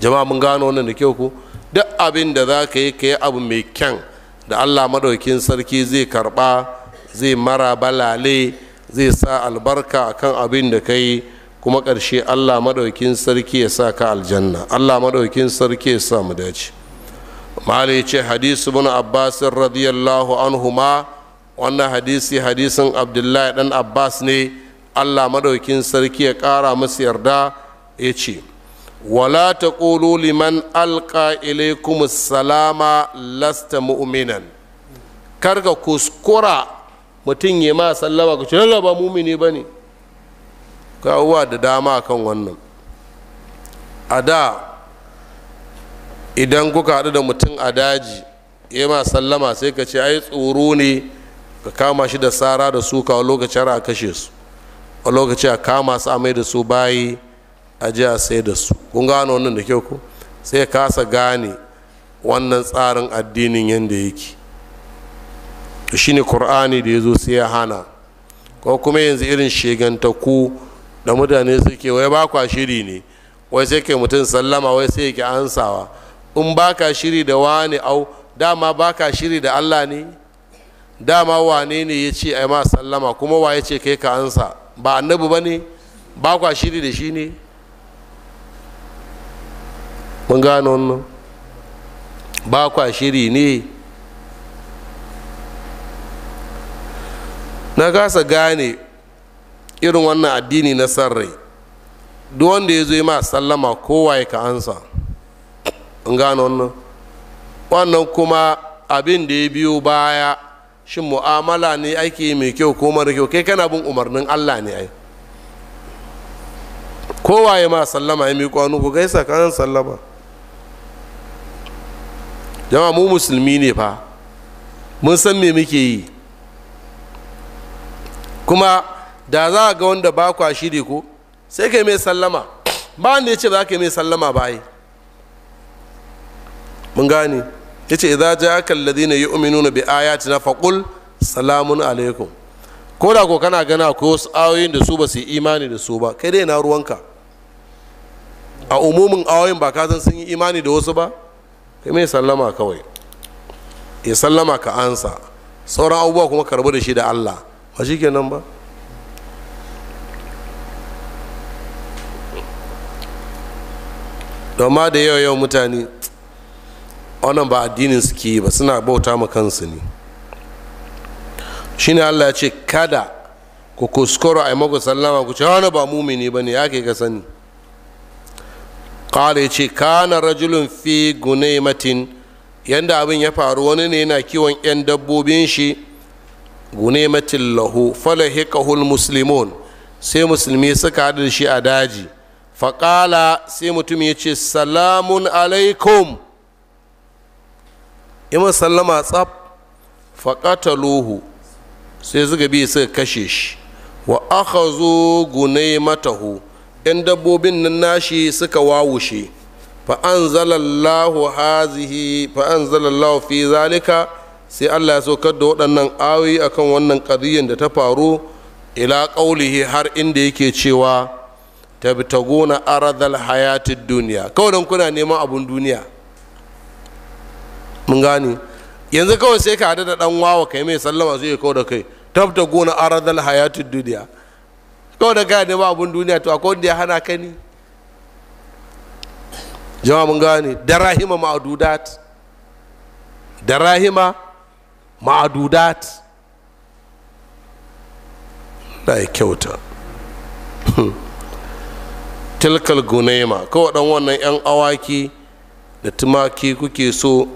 jama'a mun gano wannan da kyau ku duk abin da za ka yi ka yi abu mai kyan da allah madaukakin sarki zai karba zai mara balale zai sa albarka akan abin da ka yi kuma ƙarshe allah maɗaukin sarki ya sa ka aljanna allah maɗaukin sarki ya sa mu dace mali ce hadisu bin abbas radiyallahu anhuma wannan hadisi hadisin abdullahi ɗan abbas ne allah maɗaukin sarki ya ƙara masu yarda ya ce wala ta liman alƙa ilaikum salama lasta mu'minan karga kuskura mutum ya ma sallama ka ce ba mumini ba ne kawuwa da dama kan wannan a da idan kuka haɗu da mutum a daji ya ma sallama sai ka ce ai tsoro ne ka kama shi da tsara da su a lokacin a kashe su a lokaci a kama su a mai da su bayi a ji a sai da su kun gano wannan da kyau ku sai kasa gane wannan tsarin addinin yadda yake shi ne qur'ani da zo sai ya hana ko kuma yanzu irin shegantaku da mutane suke wai ba kwa shiri ne wai sai ke mutum sallama wai sai yake ansawa in baka shiri da wani au dama baka shiri da Allah ne dama wane ne ya ce ai ma sallama kuma wa ya ce kai ka ansa ba annabi ba ne ba kwa shiri da shi ne mun gano wannan ba kwa shiri ne na kasa gane irin wannan addini na san rai duk wanda ya zo yi ma sallama kowa ya ka ansa in gane wannan wannan kuma abin da ya biyo baya shi mu'amala ne ake mai kyau ko mara kyau kai kana bin umarnin allah ne ai kowa ya ma sallama ya miƙo hannu ku gaisa kan sallama jama'a mu musulmi ne fa mun san me muke yi kuma da za ga wanda ba kwa shiri ko sai yi mai sallama ba wanda ya ce ba ka mai sallama ba yi mun gane ya ce idza na alladhina ya bi na faƙul salamun alaikum ko da ko kana gana ko wasu ayoyin da su ba su yi imani da su ba kai dai na ruwanka a umumin ayoyin ba ka san sun yi imani da wasu ba kai mai sallama kawai ya sallama ka ansa sauran abubuwa kuma karbu da shi da Allah ba shi kenan ba dama da yau yau mutane wannan ba addinin suke yi ba suna bauta ma kansu ne shine allah ya kada ku kuskura a maku sallama ku ce wani ba mumini ba ne ya ke ka sani ƙara ce kana rajulun fi matin yadda abin ya faru wani ne yana kiwon 'yan dabbobin shi gunematin lahu falahikahul muslimun sai musulmi suka haɗu shi a daji faƙala sai mutum ya ce salamun alaikum ima sallama tsaf luhu sai zuga biyu suka kashe shi wa aka zo gunai 'yan dabbobin nan nashi suka wawushe fa'an zalallahu fi zalika sai allah ya saukar da waɗannan a akan wannan ƙadiyyar da ta faru ila ƙaulihi har inda yake cewa ta gona aradal hayatid duniya kawai don kuna neman abun duniya mun gane yanzu kawai sai ka hada da ɗan wawa kai mai sallama zai kawai da kai ta gona aradal hayatid duniya kawai da gane neman abun duniya to akwai wanda ya hana ka ni jama'a mun gane darahima ma'adudat darahima ma'adudat da ya kyauta hmm. tilkal gunaima kawai dan wannan 'yan awaki da tumaki kuke so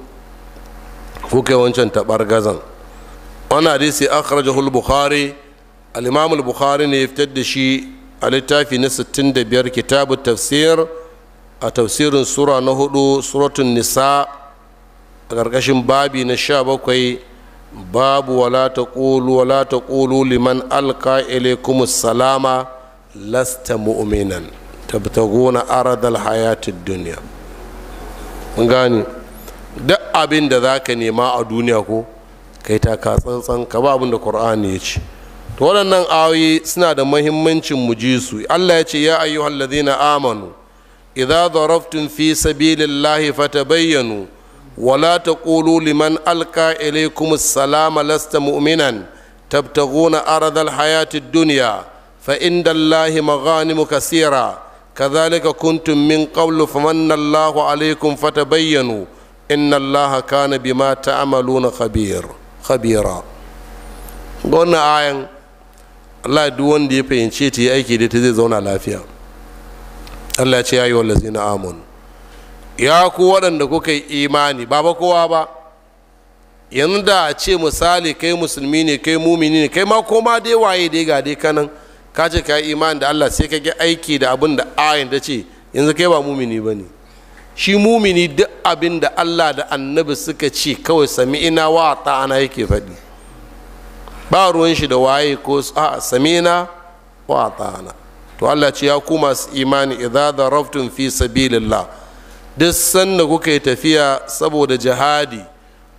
kuke wancan tabar gazan wani hadisi akhrajahu al-bukhari al bukhari ne fitar da shi a littafi na 65 kitabu tafsir a tafsirin sura na hudu suratun nisa a ƙarƙashin babi na 17 babu wala ta ƙulu wala ta ƙulu liman alka ilaikum salama lasta mu'minan tabtaguna aradal hayatid duniya duk abin da zaka nema a duniya ko kai ta ka tsantsan ka ba abin da qur'ani ya ce to waɗannan ayoyi suna da muhimmancin mu ji su Allah ya ce ya ayyuhallazina amanu idza darabtum fi sabilillahi fatabayyanu wala taqulu liman alqa ilaykum assalama lasta mu'minan tabtaghuna aradal hayati dunya fa inda allahi maghanimu kasira كذلك كنتم من قبل فمن الله عليكم فتبينوا إن الله كان بما تعملون خبير خبيرا قلنا آية الله دون دي بين شيتي أيكي دي تزي زونا لافيا الله يا أيها الذين آمنوا ya ku waɗanda kuka yi imani ba ba kowa ba yanzu a ce misali kai musulmi ne kai mumini ne kai ma koma dai waye dai ga dai kanan ka ce ka yi imani da allah sai ka ga aiki da abin da ayin da ce yanzu kai ba mumini ba ne shi mumini duk abin da allah da annabi suka ce kawai sami ina wa ana yake faɗi ba ruwan shi da waye ko sami ina wa ana to allah ce ya ku masu imani idza darabtum fi sabilillah duk sanda kuka yi tafiya saboda jihadi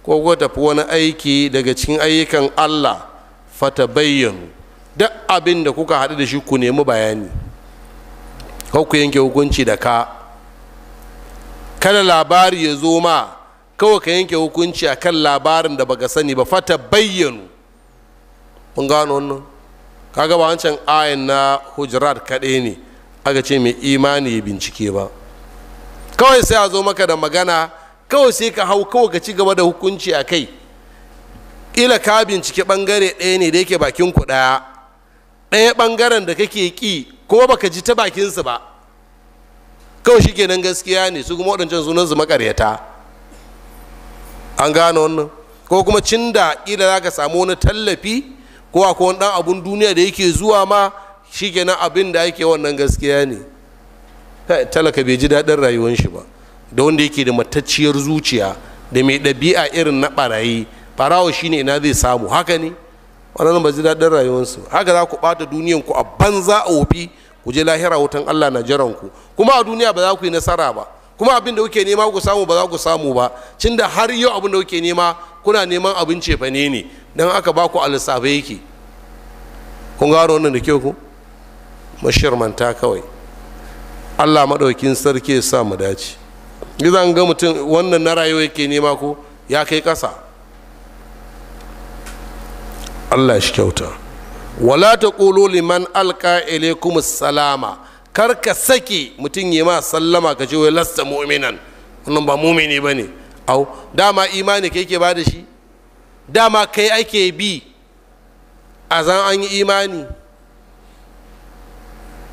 ko kuka tafi wani aiki daga cikin ayyukan allah fata bayyanu duk abin da kuka haɗu da shi ku nemi bayani ku yanke hukunci da ka kada labari ya zo ma kawai ka yanke hukunci a kan labarin da baka sani ba fata bayyanu kun gano wannan kaga ba wancan ayin na hujrat kaɗai ne aka ce mai imani bincike ba kawai sai a zo maka da magana kawai sai ka hau kawai ka ci gaba da hukunci a kai ƙila ka bincike ɓangare ɗaya ne da yake bakin ku ɗaya ɗaya ɓangaren da kake ƙi ko baka ji ta bakinsu ba kawai shi kenan gaskiya ne su kuma waɗancan sunansu makaryata an gane wannan ko kuma cin da ƙila za ka samu wani tallafi ko akwai wani ɗan abun duniya da yake zuwa ma shi kenan abin da yake wannan gaskiya ne talaka bai ji daɗin rayuwar shi ba da wanda yake da matacciyar zuciya da mai ɗabi'a irin na ɓarayi ɓarawo shine ina zai samu haka ne wannan ba ji daɗin rayuwarsu haka za ku ɓata duniyan ku a banza a wofi ku je lahira wutan Allah na jiran ku kuma a duniya ba za ku yi nasara ba kuma abin da kuke nema ku samu ba za ku samu ba cin da har yau abin da kuke nema kuna neman abin cefane ne dan aka ba ku alisabe yake kun gano wannan da kyau ku mashirmanta kawai allah maɗaukin sarki ya sa mu dace zan ga mutum wannan na rayuwa yake nema ko ya kai ƙasa allah shi kyauta wala ta ƙolo liman alka ilaikum salama kar ka sake mutum ya ma sallama ka ce wai lasta mu'minan wannan ba mumini ba ne au dama imani kai ke ba da shi dama kai ake bi a zan an yi imani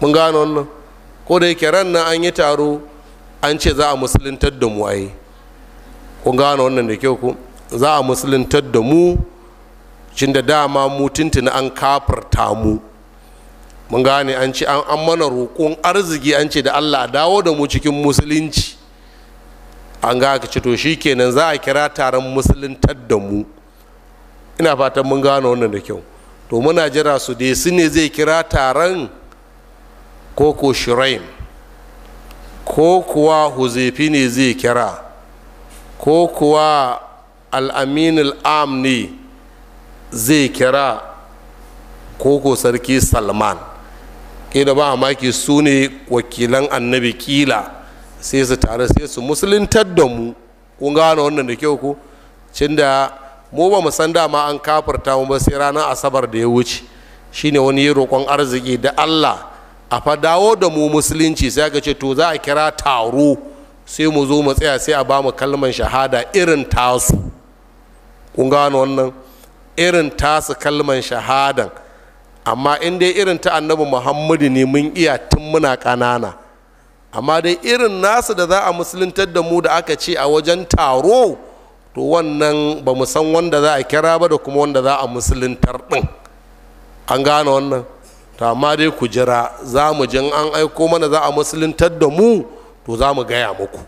mun gano wannan ko da yake ran nan an yi taro an ce za a musuluntar da mu yi kun gane wannan da kyau ku za a musuluntar da mu cin da dama mu tuntuni an kafarta mu mun gane an ce an mana roƙon arziki an ce da allah dawo da mu cikin musulunci an ga aka ce to kenan za a kira taron musuluntar da mu ina fatan mun gane wannan da kyau to muna jira su dai su ne zai kira taron ko ko shiraim ko kuwa huzefi ne zai kira ko kuwa al'aminul am ne zai kira ko ko sarki salman da ba maki su ne wakilan annabi kila sai su tare sai su musuluntar da mu kun gane wannan da kyau ko cin da mu ba mu san dama an kafarta mu ba sai ranar asabar da ya wuce shine wani yi roƙon arziki da allah a fadawo da mu musulunci sai aka ce to za a kira taro sai mu zo mu tsaya sai a ba mu kalman shahada irin tasu kun gano wannan irin tasu kalman shahadan amma in dai irin ta annabi muhammadu ne mun iya tun muna ƙanana amma dai irin nasu da za a musuluntar da mu da aka ce a wajen taro to wannan ba mu san wanda za a kira ba da kuma wanda za a musuluntar din an gane wannan to amma dai ku jira za mu jin an aiko mana za a musuluntar da mu to za mu gaya muku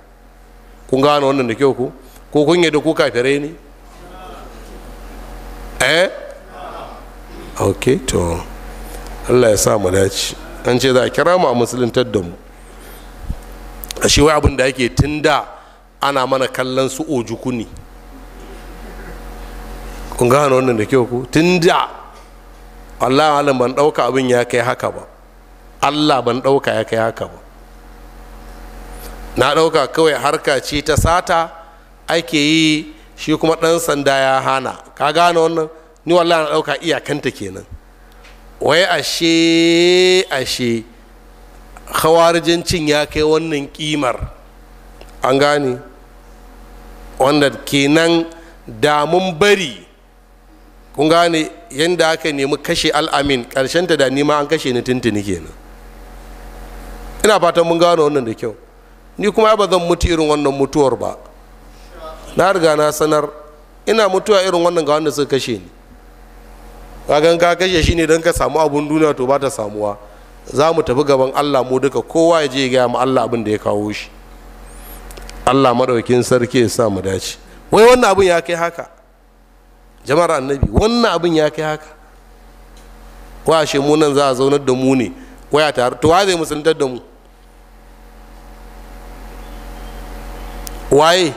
kun gane wannan da kyau ku ko kun yi da ku kafire ne eh ok to allah ya sa mu dace an ce za a kira mu a musuluntar da mu a shi wai abin da ake tun da ana mana kallon su ojuku ne kun gane wannan da kyau ku tun da Allah alam ban ɗauka abin ya kai haka ba Allah ban ɗauka ya kai haka ba na ɗauka kawai harka ce ta sata ake yi shi kuma ɗan sanda ya hana ka gane wannan ni wallahi na ɗauka iyakanta kenan wai ashe ashe cin ya kai wannan kimar an gane wanda kenan damun bari kun gane yadda aka nemi kashe al'amin ƙarshen ta da nima an kashe ni tuntuni kenan ina fatan mun gano wannan da kyau ni kuma ba zan mutu irin wannan mutuwar ba na riga na sanar ina mutuwa irin wannan ga wanda suka kashe ni kagan ka kashe shi ne don ka samu abun duniya to ba ta samuwa za mu tafi gaban allah mu duka kowa ya je ya gaya mu allah abin da ya kawo shi allah maɗaukin sarki ya sa mu dace wai wannan abin ya kai haka jama'ar annabi wannan abin ya kai haka kwashe mu nan za a zaunar da mu ne waya tare to zai musuntar da mu waye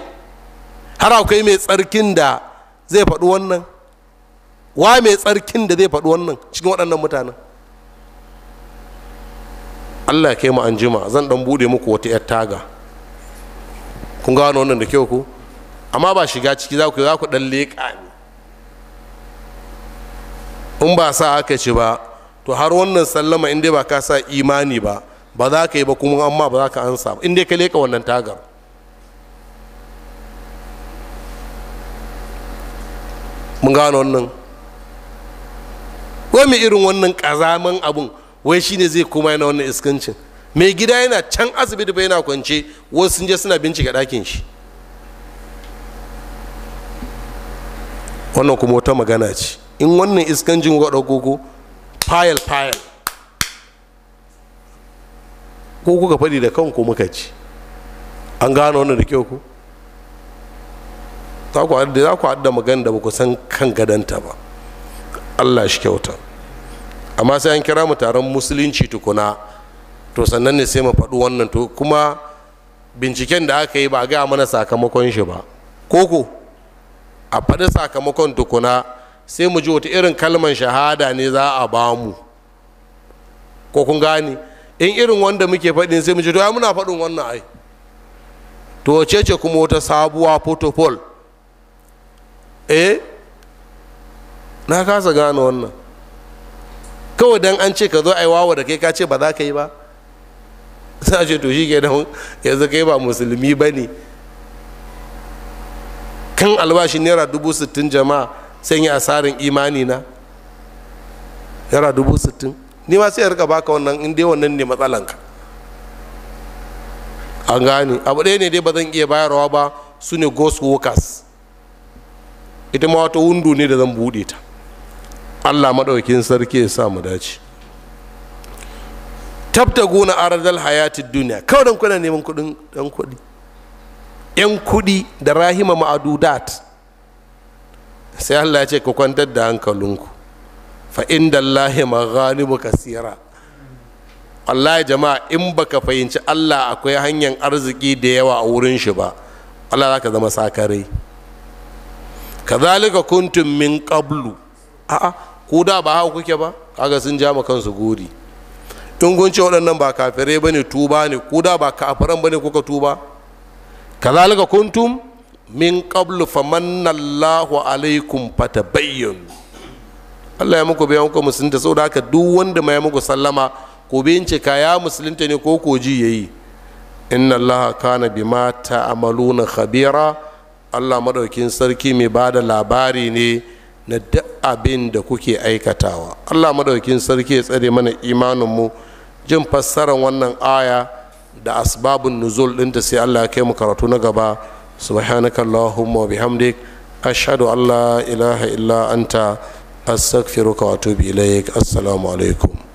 har akwai mai tsarkin da zai faɗi wannan wa mai tsarkin da zai faɗi wannan cikin waɗannan mutanen allah ya kai mu an jima zan ɗan buɗe muku wata 'yar taga kun gano wannan da kyau ku amma ba shiga ciki za ku za ku ɗan leƙa ne in ba sa aka ci ba to har wannan sallama in ba ka sa imani ba ba za ka yi ba kuma amma ba za ka ansa ba in ka leka wannan tagar mun gano wannan wani irin wannan kazaman abun wai shine zai kuma yana wannan iskancin mai gida yana can asibiti bai yana kwance wasu sun je suna bincika ɗakin shi wannan kuma wata magana ce in wannan iskan jin wadda gogo fayil fayil ko kuka faɗi da kanku muka ci an gane wannan da kyau ku za ku adda magana da ba ku san kan gadanta ba allah shi kyauta amma sai an kira mu taron musulunci tukuna to sannan ne sai mu faɗi wannan to kuma binciken da aka yi ba a gaya mana sakamakon shi ba koko a faɗi sakamakon tukuna sai mu ji wata irin kalman shahada ne za a ba mu ko kun gane in irin wanda muke faɗin sai mu ji to ya muna faɗin wannan ai to ce ce kuma wata sabuwa protocol eh na kasa gane wannan kawai dan an ce ka zo ai wawa da kai ka ce ba za ka yi ba sai ce to shi ke yanzu kai ba musulmi ba ne kan albashin naira dubu sittin jama'a sai yi asarin imani na yara dubu sittin ni ma sai rika baka wannan in dai wannan ne matsalanka an gane abu ɗaya ne dai ba zan iya bayarwa ba su ne ghost workers ita ma wata wundu ne da zan buɗe ta allah maɗaukin sarki ya sa mu dace tabtaguna aradal hayatid duniya kawai dan kuna neman kuɗin ɗan kuɗi yan kuɗi da rahima ma'adudat sai allah ya ce ku kwantar da hankalinku fa inda allahi maghalibu kasira wallahi jama'a in baka fahimci allah akwai hanyar arziki da yawa a wurin shi ba allah za ka zama sakarai kazalika kuntum min qablu a'a ku da ba haka kuke ba kaga sun ja kansu guri in kun ce waɗannan ba kafirai bane tuba ne ku da ba kafiran bane kuka tuba kazalika kuntum min qablu famanna Allahu alaikum fatabayyanu Allah ya muku bayan ku musulunta saboda haka duk wanda mai ya muku sallama ko bincika ya musulunta ne ko ko ji yayi inna Allah kana bima ta'maluna khabira Allah madaukin sarki mai bada labari ne na duk abin da kuke aikatawa Allah madaukin sarki ya tsare mana imanin mu jin fassarar wannan aya da asbabun nuzul ɗinta sai Allah ya kai mu karatu na gaba subhanaka allahumma wa bihamdik ashhadu an la ilaha illa anta astaghfiruka wa atubu ilaik assalamu alaikum